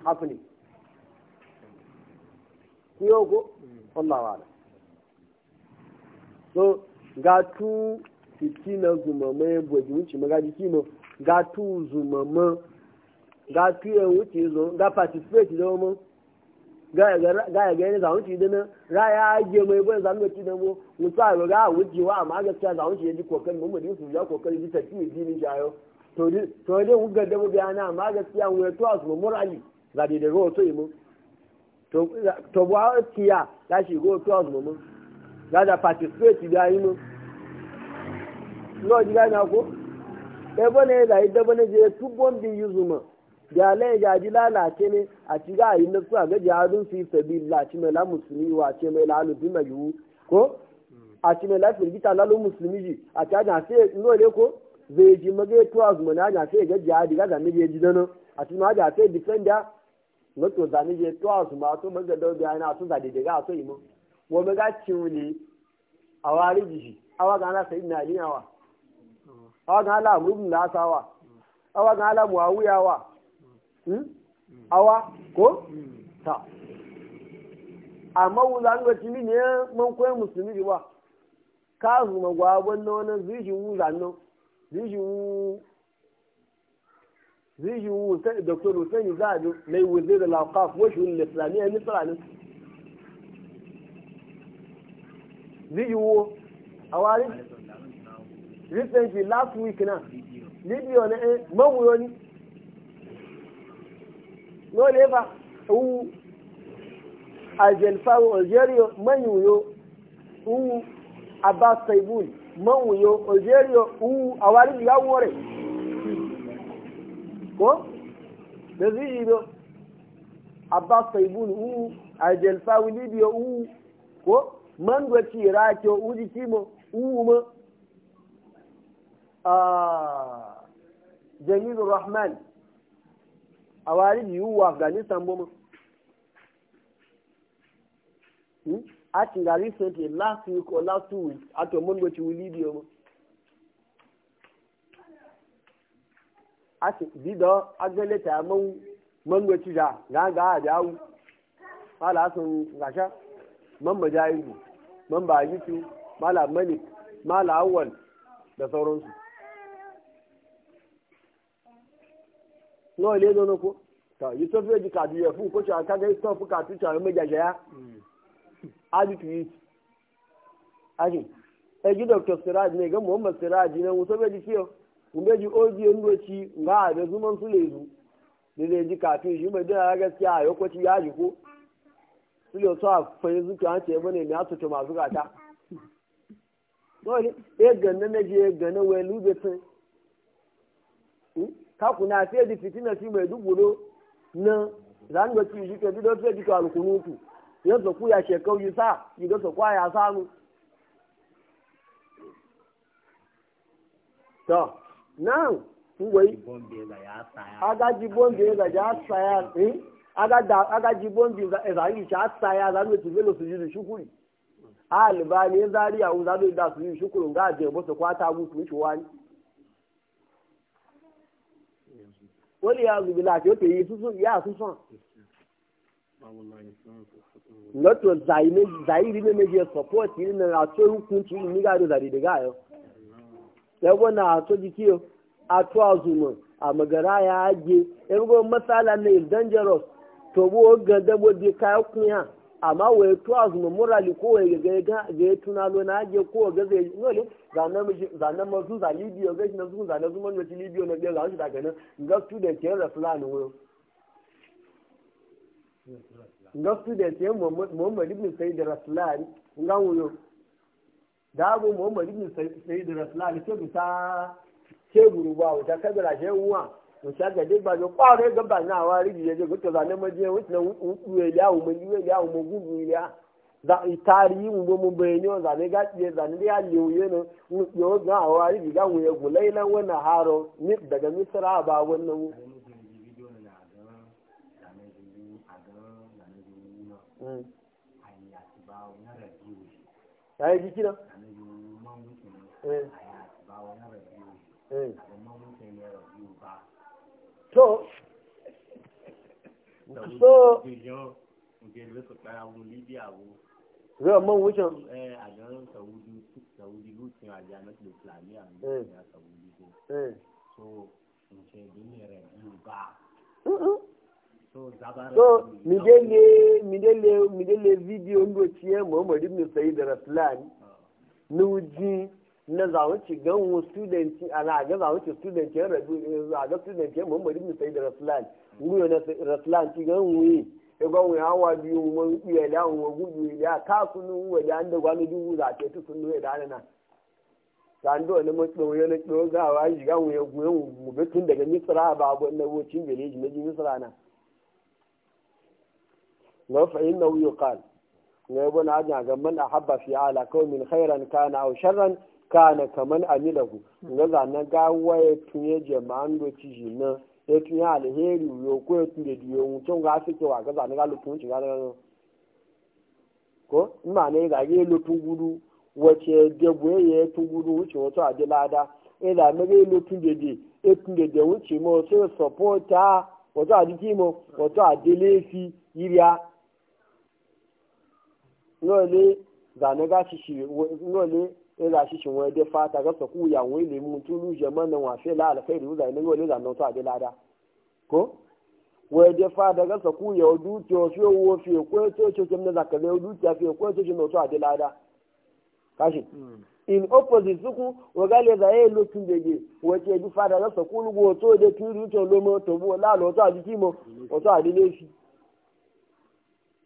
so ga tu fiti na zumama ya bwaji wuce ma ga jiki ma ga tu zumama ga tu ya wuce zo ga participate da wama ga ya gani za wuce dana raya ajiye mai bai za wuce da mu wuce a ga wuce wa amma gaskiya za wuce ya ji kokari mu mu su ya kokari ji tafi ji ni shayo to ne wuga dai mu biya na mu ga amma gaskiya mu ya to asu murali za dai da ro to yi mu to buwa wa ta shi go to asu mu gada participate da yi mu no ji na ko ebo ne da yi dabo ne je tubon bi yuzuma da lai ga ji lalace ne a ci ga yi na suwa ga jihadun fi sabila ci mai la musulmi wa ce mai la alubi mai yiwu ko a ci mai la firgita lu musulmi ji a ci ajan sai no ne ko zai ji magai tuwa zuma na ajan sai ga jihadi ga zane je ji dana a ci ma ajan sai defender na to zane je tuwa zuma to magadau da yana sun zade daga a so yi mu. wa mu ga ciwo ne a wari jiji awa ga ala sayi na aliyawa awa ga ala amrubun da asawa awa ga ala muawiyawa awa ko ta amma wula ga cimi ne man koyi musulmi ba ka zuma gwabon na wani zuji wu zanno zuji wu zuji wu za a zabi mai wuzir al-awqaf wa shuhul islamiyya misra ne video a wari recently last week na video na e mawuyo ni no leba u ajelfawo algeria manyuyo u abbas taibul mawuyo algeria u a wari ya wore ko da zai abbas taibul u ajelfawo libya u ko man gwaci rake uji kimo umu a ah, jamilu rahman a wari yiwu wa afghanistan bomo hmm? ati nga recently last week or last two weeks ati omo ngwe ti wuli di omo ati bido agbele ta mo mo ja nga nga aja wu wala sun gasha mo ja ibu man ba yiku mala malik mala awwal da sauransu nawa ne zono ko ta yi tafi ji kadu ya fu ko cewa kaga yi tafi kadu cewa mai jajaya aji tu yi aji ji dr siraj ne ga muhammad siraj ne musa bai ji kiyo kun bai ji oji nuna doci nga a da zuman su lezu da zai ji kafin shi mai dina gaskiya a yau kwaci ya ji ko sule so a fayin zuciya an ce bane na asu to masu gata dole ya ganna na je ganna wai lube tun hmm? ka kuna sai di fitina shi mai dubulo na zan ga ci jike ka yanzu ku ya shekau yi sa yi kwaya samu to agaji bombe aga ji bombi zari ta asa ya velo su shukuri ne zari ya zaro da su yi shukuru ga je bo kwata su wani wani ya zubi ya lọ́tọ̀ zàìrí méjì àtọ́ orúkún tí ní gàdó zàrí náà di kí o àtọ́ àzùmọ̀ àmọ̀gàrá ya á gbé ẹgbọ́n mọ́sálà ní dangerous to bo ga dabo bi kayan kunya amma wai to azuma murali ko wai ga ga ga tunalo na je ko ga zai nole zanan mu zanan mu sun zali biyo ga shi na sun zanan zuman mu libiyo na biyo ga shi daga nan ga student yan rasulani wo ga student yan muhammad ibn sayyid rasulani ga wo da bu muhammad ibn sayyid rasulani ke bisa ke guruba wata kabira shehuwa musaga dai ba zo kwaro ga ba na wari biye ga to zane maje wuce uwe ya u mun uwe ya u mun gudu ya za itari mu bo mun bayanyo zane ga tiye zane ya liuye no mu yo ga wari biga mu ya gulaila wana haro ni daga misra ba wannan Ya so so rẹ mọ wọn sọ. àjọ sàwùdí sàwùdí lùtì àjọ àmọ́tìlẹ̀ fúlàní àmọ́ ìyá sàwùdí tó so nṣe ìdílé rẹ yóò bá so midele midele midele fídíò ń lò tiẹ̀ mọ̀ọ́mọ̀dé mi sọ yìí dara fúlàní ní ojú. na zawuci gan wu student ana ga zawuci student yan rabu a ga student yan muhammadu sai da rasulan wuri na rasulan ci gan wu e gan wu hawa biyu wani iya da wa gudu ya ka sunu wa ya an da gwani dubu za ce tu sunu ya dana na ta do ne mun doye ne do ga wa ji gan wu ya guye mu tun daga misra ba go na wucin gele ji na ji misra na wa fa innahu yuqal ne bon aja ga man ahabba fi ala qaumin khairan kana aw sharran kana kaman amilahu ga zana gawa ya tunye jama'an doci shi nan ya tunye alheri yo ko ya tunye diyo mutum ga suke wa ga zana ga lutun shi ga nan ko ma ne ga ga lutun gudu wace debo ya tun gudu wuce wato a dilada e da me ga lutun dede e tun dede wuce mo so supporta wato a jiki mo wato a dilefi yiriya no le zana ga shi shi no le ila shi shin wai fa fata ga ku ya wai le mu tulu jaman nan wa fe la alkhairi uzai nan wai zan to abi lada ko wai fa fata ga ku ya du to fi wo fi ko to to kin na zaka le du ta fi ko to kin to abi lada kashi hmm. in opposite suku wa gale za yi e lokacin da ke wace bi fata ga ku lugo to da turu to lomo to bu la lo to abi kimo o to abi le shi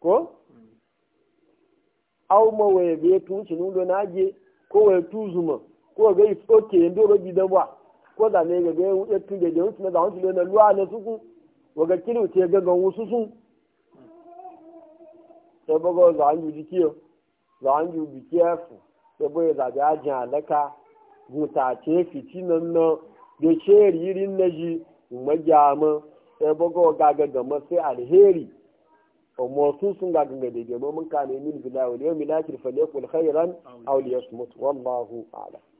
ko hmm. aw mo we na ko wa tuzuma ko ga is okay ndo ro gidan ba ko da ne ga ga ya da da da luwa na suku wa ga kiri ce ga ga wasu sun sai ba ga za an yi za an ba ya ajin alaka mutace fitinan nan da sheririn na ji magyama ba ga ga ga sai alheri موصوص لكن بدي جمع من كان يمين بالله واليوم الآخر فليقل خيرا أو ليصمت والله أعلم